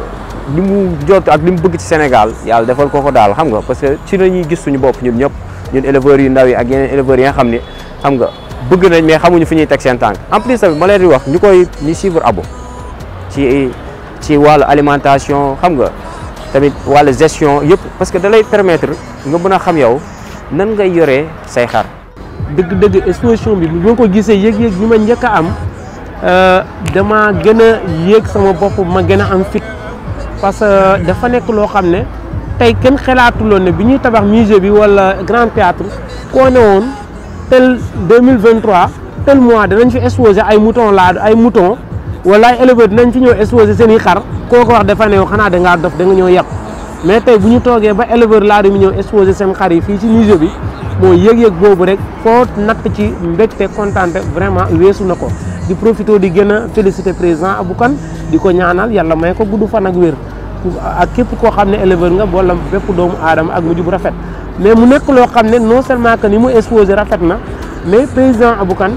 [SPEAKER 11] li mu jot ak li mu bëgg ci Sénégal yàlla defal ko ko daal xam nga parce que ci la ñuy gis suñu bopp ñun ñëpp ñu éleveurs yu ndaw yi ak yeneen éleveurs yi nga xam ne xam nga bëgg nañ mais xamuñu fu ñuy teg seen tànk en plus tamit di wax ñu koy ñu suivre abo ci ci wàllu alimentation xam nga tamit wala gestion yëpp parce que dalay permettre nga mën a xam yow nan ngay yoree say xar. dëgg-dëgg exposition bi bu ko gisee yëg-yëg bi ma njëkk a am euh, dama gën a yéeg sama bopp ma gën a am fit parce que euh, dafa nekk loo xam ne tey kenn xalaatuloon ne bi ñuy tabax musée bi wala grand théâtre koo ne woon tel 2023 tel mois danañ fi exposé ay mouton laadu ay mouton walaay éleveur nañ fi ñëw exposé seen i xar kooku wax dafa ne yow xanaa dangaa dof da nga ñëw yàq mais tey bu ñu toogee ba éleveur laa mi ñëw exposé seen xar yi fii ci musée bi moo yëg-yëg boobu rek foo natt ci mbégte kontaante vraiment weesu na ko di profité di gën a félicité président Abou Kane di ko ñaanal yàlla may ko gudd fan ak wér ak képp koo xam ne éleveur nga boole bépp doomu aadama ak mujj bu rafet mais mu nekk loo xam ne non seulement que ni mu exposé rafet na mais président Abou Kane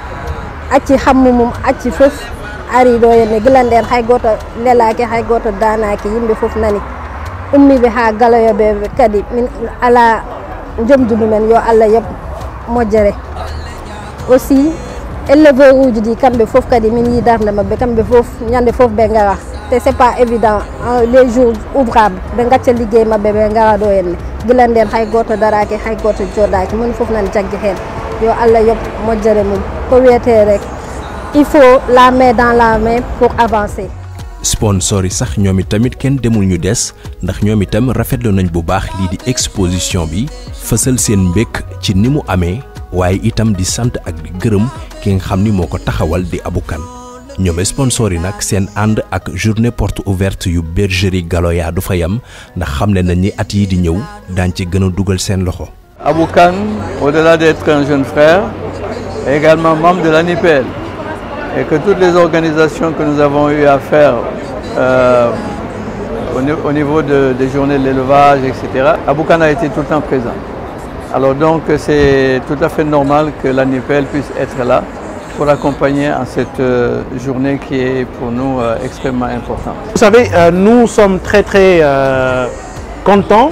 [SPEAKER 8] acci hammu mum acci fof ari ɗo henne gilanɗen hay goto lelaki hay goto danaki yimɓe fof nani ummiɓe ha galoyoɓeɓe kadi min ala jomdudumen yo allah yob mojjere aussi éleveur uji ɗi kamɓe fof kadi min yi darde mabɓe kamɓe fof ñande fof ɓe gara te c' est pas évident les jours ouvrable ɓe gacca ligguey mabɓe ɓe gara ɗo henne gilanɗen hay goto daraki hay goto joɗaki moni fof nani jaggue hen yo Allah yëpp mojjare muñ ko weetee rek il faut la main dans la main pour avancer.
[SPEAKER 1] sponsor yi sax ñoom itamit kenn demul ñu des ndax ñoom itam rafetlu nañ bu baax lii di exposition bi fësal seen mbékk ci ni mu amee waaye itam di sant ak di gërëm ki nga xam ni moo ko taxawal di abukan ñoom sponsor yi nag seen ànd ak journée porte ouverte yu bergerie Galoya du fa yam ndax xam ne nañ ni at yi di ñëw daan ci gën a dugal seen loxo.
[SPEAKER 3] Aboukan, au-delà d'être un jeune frère, est également membre de l'ANIPEL et que toutes les organisations que nous avons eu à faire euh, au, niveau des journées de l'élevage, etc., Aboukan a été tout le temps présent. Alors donc c'est tout à fait normal que l'ANIPEL puisse être là pour accompagner en cette euh, journée qui est pour nous euh, extrêmement importante.
[SPEAKER 14] Vous savez, nous sommes très très contents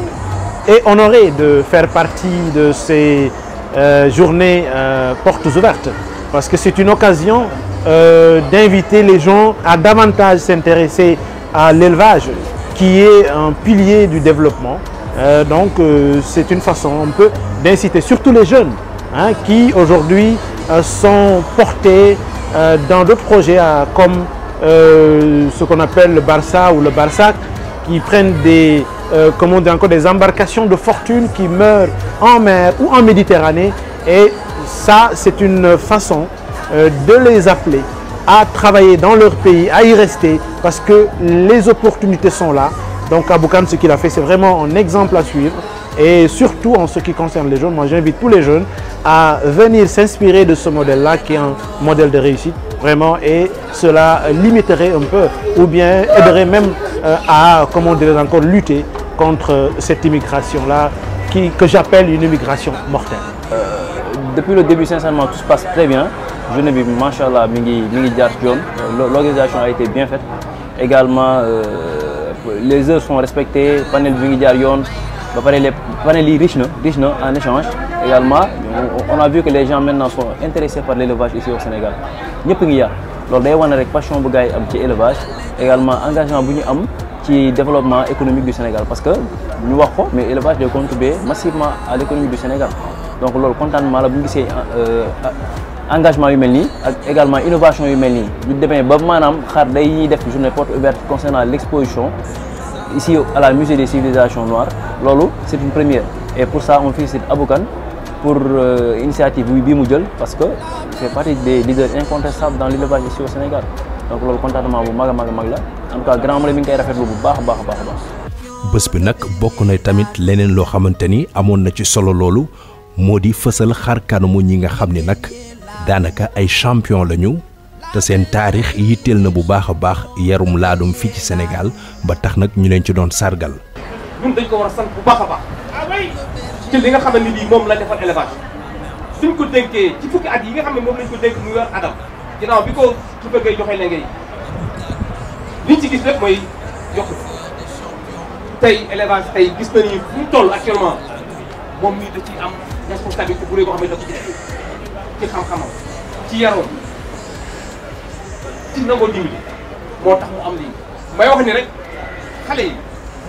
[SPEAKER 14] et honoré de faire partie de ces euh, journées euh, portes ouvertes parce que c'est une occasion euh, d'inviter les gens à davantage s'intéresser à l'élevage qui est un pilier du développement. donc c'est une façon un peu d'inciter surtout les jeunes hein, qui aujourd'hui sont portés dans d'autres projets comme ce qu'on appelle le Barça ou le Barsac qui prennent des euh, encore, des embarcations de fortune qui meurent en mer ou en Méditerranée. Et ça, c'est une façon euh, de les appeler à travailler dans leur pays, à y rester, parce que les opportunités sont là. Donc Aboukam, ce qu'il a fait, c'est vraiment un exemple à suivre. Et surtout en ce qui concerne les jeunes, moi j'invite tous les jeunes à venir s'inspirer de ce modèle-là qui est un modèle de réussite vraiment et cela limiterait un peu ou bien aiderait même euh, à, comment on encore, lutter contre cette immigration-là, que j'appelle une immigration mortelle.
[SPEAKER 9] Euh, depuis le début, sincèrement, tout se passe très bien. Je ne n'ai vu, L'organisation a été bien faite. Également, euh, les heures sont respectées. Panel les panel riche riche, en échange. Également, on a vu que les gens maintenant sont intéressés par l'élevage ici au Sénégal. Nous avons une passion pour l'élevage. Également, engagement pour nous le développement économique du Sénégal parce que nous avons fait, mais élevage contribuer massivement à l'économie du Sénégal donc le contentement euh, engagement humaine également innovation humaine. Nous ba des porte ouverte concernant l'exposition ici à la musée des civilisations noires c'est une première et pour ça on félicite Aboukan pour l'initiative euh, bi mu parce que c'est partie des leaders incontestables dans l'élevage ici au Sénégal donc loolu contentement bu maga a mag a mag la en tout cas grand Malé mi ngi koy bu baax a baax a baax a baax.
[SPEAKER 1] bés bi nag bokk na tamit leneen loo xamante ni na ci solo loolu modi di fësal xar kanamu ñi nga xam ni nag ay champion lañu te sen tarikh yitteel na bu baax a baax yarum laadum fii ci Sénégal ba tax nag ñu leen ci doon sargal.
[SPEAKER 11] ñun dañ ko war a sant bu baax a baax ci li nga xam ne bii moom la defal élevage suñ ko dénkee ci fukki at yi nga xam ne lañ ko dénk mu yor adam ginnaaw bi ko su bëggee joxe lenge yi liñ ci gis lépp mooy yokku tey élevage tey gis nañu ni mu toll actuellement moom mii da ciy am responsabilité bu rëy boo xam ne da ko ci def ci xam-xamam ci yaroon ci nangoo dimbali moo tax mu am lii may wax ni rek xale yi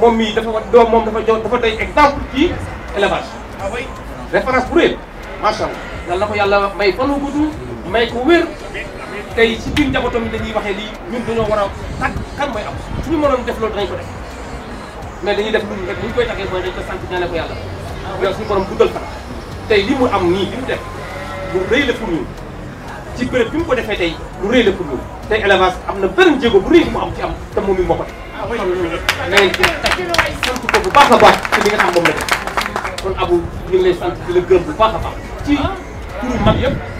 [SPEAKER 11] moom mii dafa wa doom moom dafa jox dafa tey exemple ci élevage référence bu rëy yàlla na ko yàlla may fanu gudd may ko wér tey si biir njabootam yi waxee lii ñun dañoo war a tàgg kan mooy am suñu mënoon def loolu danañ ko def mais dañuy def lu rek ni koy taggee mooy dañ ko sant ñaanal ko yàlla yow tey li mu nii li mu def lu rëy la pour bi mu ko defee tey lu rëy la pour ñun am na benn jéego bu rëy mu am ci am te moom mi moo ko def ah mais sant ko bu baax a baax ci li nga xam moom la def kon Abou ñu lay sant di la gërëm bu baax a baax ci turu mag yëpp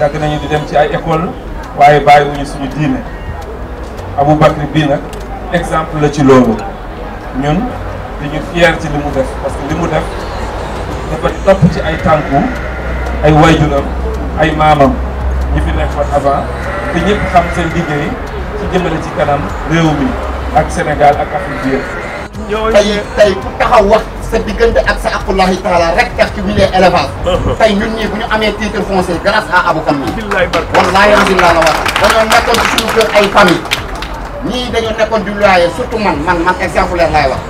[SPEAKER 11] yàgg nañu di dem ci ay école waaye bàyyiwuñu suñu diine Aboubacry bii nag exemple la ci loolu ñun dañu fier ci li mu def parce que li mu def dafa topp ci ay tànku ay wayjuram ay maamam ñi fi nekkoon avant te ñëpp xam seen liggéey ci jëmale ci kanam réew mi ak Sénégal ak Afrique bi yëpp.
[SPEAKER 12] ñoo ku taxaw wax. sa diggante ak sa aqullahi taala rek tax ci milieu élevage. tey ñun ñii bu ñu nekkoon ci suñu kër surtout man man man exemple laay wax.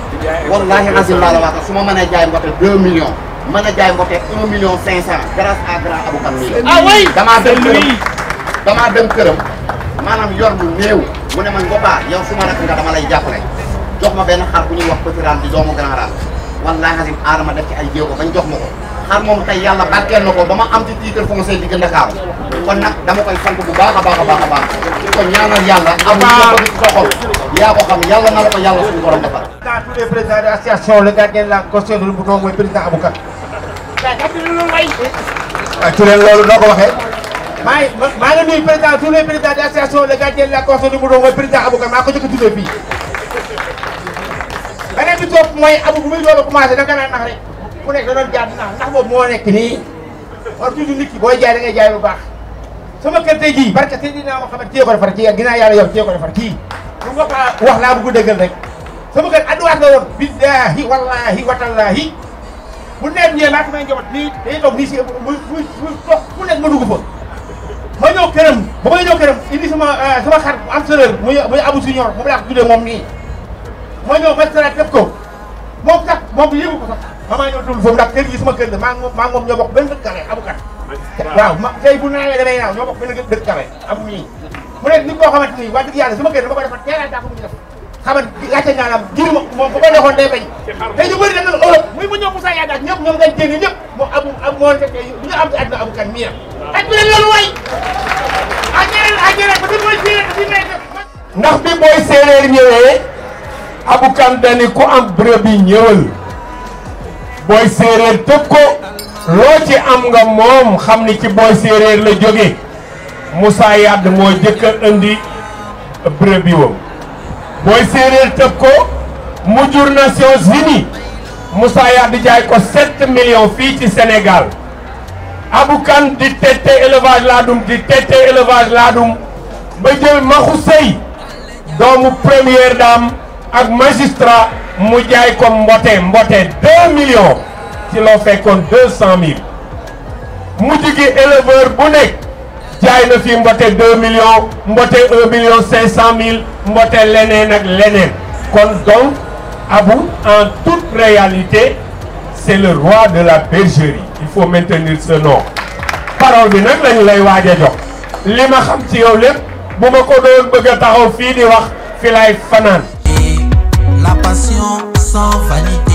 [SPEAKER 6] wallaahi alhamdulilah la wax
[SPEAKER 12] su ma mënee jaay mbote 2 million mën a jaay mbote 1 million 500 grâce à grand Abou Kam yi. ah oui damaa dem damaa dem këram maanaam yor lu néew. mu ne man Gopa yow su ma rakk nga dama lay jàppale jox ma benn xar bu ñuy wax petit ram di doomu grand ram wallaahi xasim aadama def ci ay jéego bañ jox ma ko xar moom tey yàlla barkeel na ko ba ma am ci titre foncier digg Ndakaaru kon nag dama bu baax a a baax a ko ñaanal yàlla am na ko xol yaa ko xam yàlla na la ko yàlla ah,
[SPEAKER 13] ko waxee
[SPEAKER 16] maa ngi maa ngi nuyu maa ko jëkk tuddee fii beneen bi topp mooy abu bu muy doon a commencé daf gën a nax rek ku nekk da doon jaar nax moo nekk nii war toujours nit ki jaay da ngay jaay bu baax sama kër tey jii barke tey dinaa ma xamal téye ko defar kii ku ginnaaw yàlla yow a ko a kii bu ma ko wax laa bëgg dëggal rek sama kër adduwaat la woon billaahi wallaahi bu neet ñee maa ko may njaboot nii dañuy toog nii si muy muy muy toog ku nekk ma dugg fa ma ñëw këram ba may ñëw këram indi sama euh, sama xar am sërër muy muy abu senior moom laa ko tuddee moom nii ma ñëw ba traité def ko moom sax moom yëngu ko sax maman ñoo dul foofu ndax kër gi sama kër la maa ngi moom maa ngi moom ñoo bokk benn dëkk carré amu kat. waaw ma tey bu naawee damay naaw ñoo bokk benn dëkk carré amu ñii. mu ne nit koo xamante ni wax dëgg yàlla sama kër dama ko defoon teel a dàqu mu def xaman laajte ñaanam jëri ma moom bu ko defoon day bañ tey ñu bëri dañ naan Europe muy mu ñëw Moussa Yada ñëpp ñoom nga jënd ñëpp mu abu am moo nekk ñu am ci àdduna abu kan mii ak bi loolu way ak ñeneen ak ñeneen parce
[SPEAKER 11] que mooy séeréer bi fi nekk ndax bi booy séeréer ñëwee abukan dani ku am bërëbi ñëwal booy séeréer tëb ko loo ci am nga moom xam ni ci booy séeréer la jóge Moussa Yadd moo jëkk indi bërëbi wam booy séeréer tëb ko mu jur Nations Unies Moussa Yadd jaay ko 7 millions fii ci Sénégal abukan di tette élevage laadum di tette élevage laadum ba jël maxu sëy doomu première dame ak magistrat mu comme ko mboté 2 millions ci lo fait 200 000 mu digi éleveur bu nek jaay na fi 2 millions mboté 1 million 500 000 mboté lenen ak lenen kon donc abou en toute réalité c'est le roi de la bergerie il faut maintenir ce nom parole bi nak lañ lay les marques lima xam ci yow lepp buma ko doon bëgg fi di wax fi lay fanane
[SPEAKER 3] sans vanité.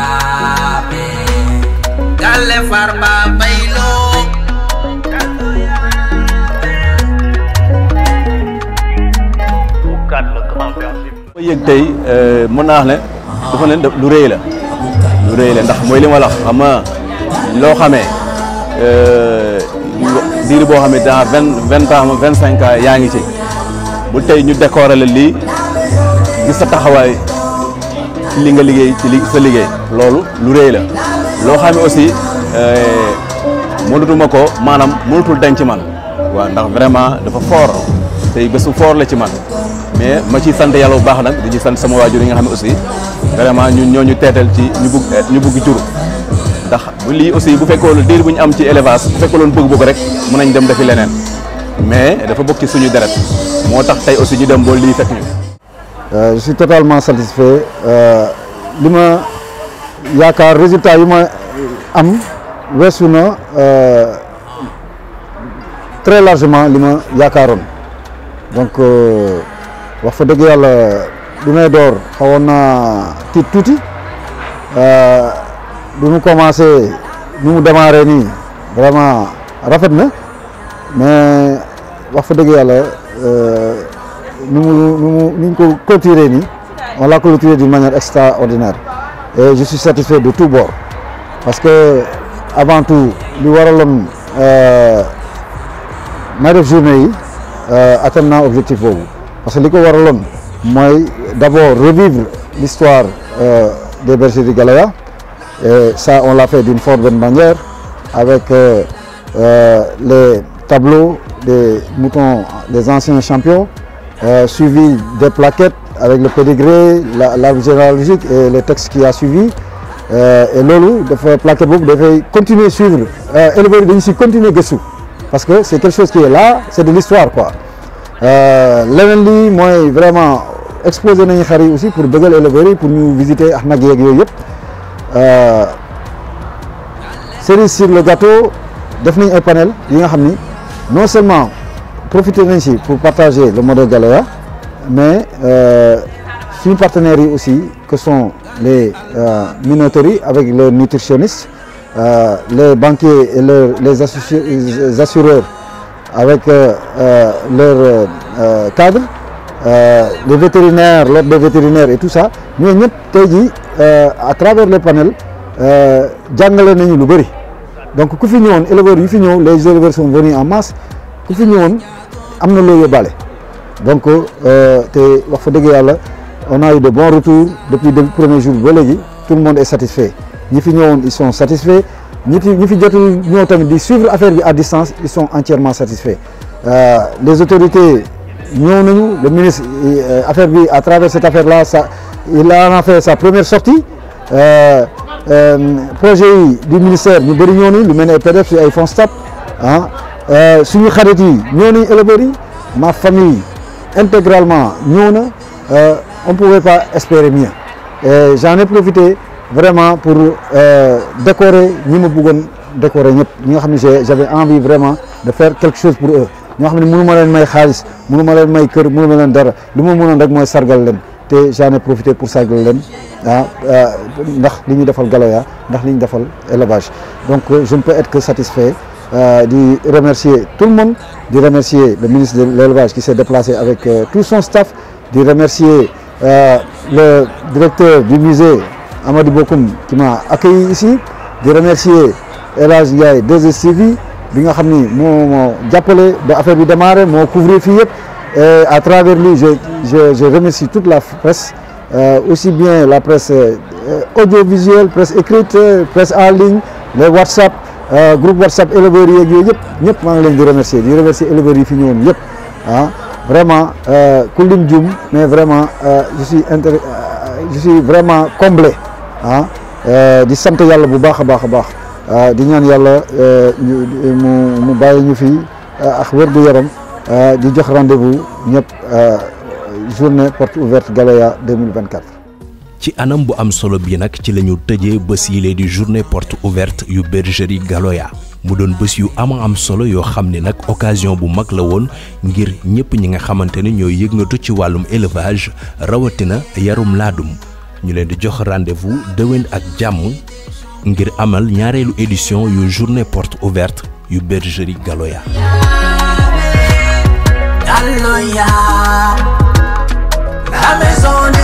[SPEAKER 3] jaabe galle Farba Mbaye Lo
[SPEAKER 13] ma yëg tey euh, mën naa ne dafa lu rëy la lu rëy la ndax mooy li ma la wax xam nga loo euh, boo xam ne dans vingt vingt ans vingt cinq ans yaa ngi ci bu tey ñu décorer la lii gis sa taxawaay ci li nga liggéey ci li sa liggéey loolu lu rëy la loo xam ne aussi euh, mënatuma ko maanaam mënatul dañ man waaw ndax vraiment dafa fort tey bésu fort la ci man mais ma ciy sant yàlla bu baax nag di ci sant sama waajur yi nga xam ne aussi vraiment ñun ñoo ñu teetal ci ñu bugg ñu bugg jur ndax bu lii aussi bu fekkoon diir bu ñu am ci élevage bu fekkoon bëgg-bëgg rek mën nañ dem defi leneen mais dafa bokk ci suñu deret moo tax tey aussi ñu dem ba lii fekk ñu
[SPEAKER 7] Euh, je suis totalement satisfait euh, li ma yaakaar résultat yi am weesu na euh, très largement lima yakaron yaakaaroon donc wax fa deug yalla dumay dor xawona ti tuti euh tuuti bi mu commencé ñu démarré nii vraiment rafet na mais wax fa deug yalla euh nous, on l'a d'une manière extraordinaire. Et je suis satisfait de tout bord. Parce que, avant tout, nous avons euh, ma euh, Parce que nous d'abord revivre l'histoire euh, des bergers de Galaya. Et ça, on l'a fait d'une forte bonne manière avec euh, euh, les tableaux des moutons des anciens champions euh, suivi des plaquettes avec le pédigré, la généalogique et le texte qui a suivi. Euh, et faire plaquet plaquette de faire continuer suivre euh, éleveurs yi dañu continuer dessous parce que c'est quelque chose qui est là c'est de l'histoire quoi L'événement, moi vraiment exposé dans les aussi pour nous le pour nous visiter à nag yeeg sur le gâteau définir un panel non seulement profiter ainsi pour partager le modèle Galoya mais une euh, une aussi que sont les euh, minoteries avec le nutritionniste euh, les banquiers et les assureurs avec leurs cadres les vétérinaires les vétérinaires et tout ça nous avons à travers les panels donc les éleveurs sont venus en masse nous amna lo donc euh, té wax fa deug yalla on a eu de bons retours depuis le premier jour ba tout le monde est satisfait ñi fi ils sont satisfaits ñi fi ñi fi tamit di suivre affaire bi à distance ils sont entièrement satisfaits euh, les autorités nous nañu le ministre euh, affaire bi à travers cette affaire là ça il a fait sa première sortie projet du ministère ñu bari ñëw lu mené PDF ay Fonds Stap ah, euh, suñu xarit yi ñoo nañ éleveurs yi ma famille intégralement ñëw na euh, on pouvait pas espérer mieux et j'en ai profité vraiment pour euh, décorer ñi ma bëggoon décorer ñëpp ñi nga xam ne j'avais envie vraiment de faire quelque chose pour eux ñoo xam ne mënu ma leen may xaalis mënu ma leen may kër mënu ma leen dara li ma mënoon rek mooy sargal leen te j'en ai profité pour sargal leen ah ndax li ñu defal Galoya ndax li ñu defal élevage donc je ne peux être que satisfait euh, de remercier tout le monde, de remercier le ministre de l'élevage qui s'est déplacé avec euh, tout son staff, de remercier euh, le directeur du musée Amadi Bokoum qui m'a accueilli ici, de remercier Elage mon des mon bi nga xam et à travers lui je je remercie toute la presse aussi bien la presse audiovisuelle presse écrite presse en ligne les WhatsApp Euh, groupe whatsapp éleveurs yi ak yooyu yëpp ñëpp maa ngi leen di remercier di remercier éleveurs yi fi ñëwoon yëpp ah vraiment euh, ku lim jum mais vraiment euh, je suis inter je suis vraiment comblé ah di sant yàlla bu baax a baax a baax di ñaan yàlla mu mu bàyyi ñu fi ak wérgu yaram di jox rendez-vous ñëpp journée porte ouverte Galoya 2024
[SPEAKER 1] ci anam bu am solo bi nak ci lañu ñu tëjee bés yi di journée porte ouverte yu bergerie Galoya mu doon bés yu am am solo yo xamné nak occasion bu mag la won ngir ñëpp ñi nga xamante ne ñooy yëngatu ci Walum élevage rawatina yarum ladum ñu leen di jox rendez-vous dewen ak jamm ngir amal ñaarelu édition yu journée porte ouverte yu bergerie
[SPEAKER 8] Galoya la maison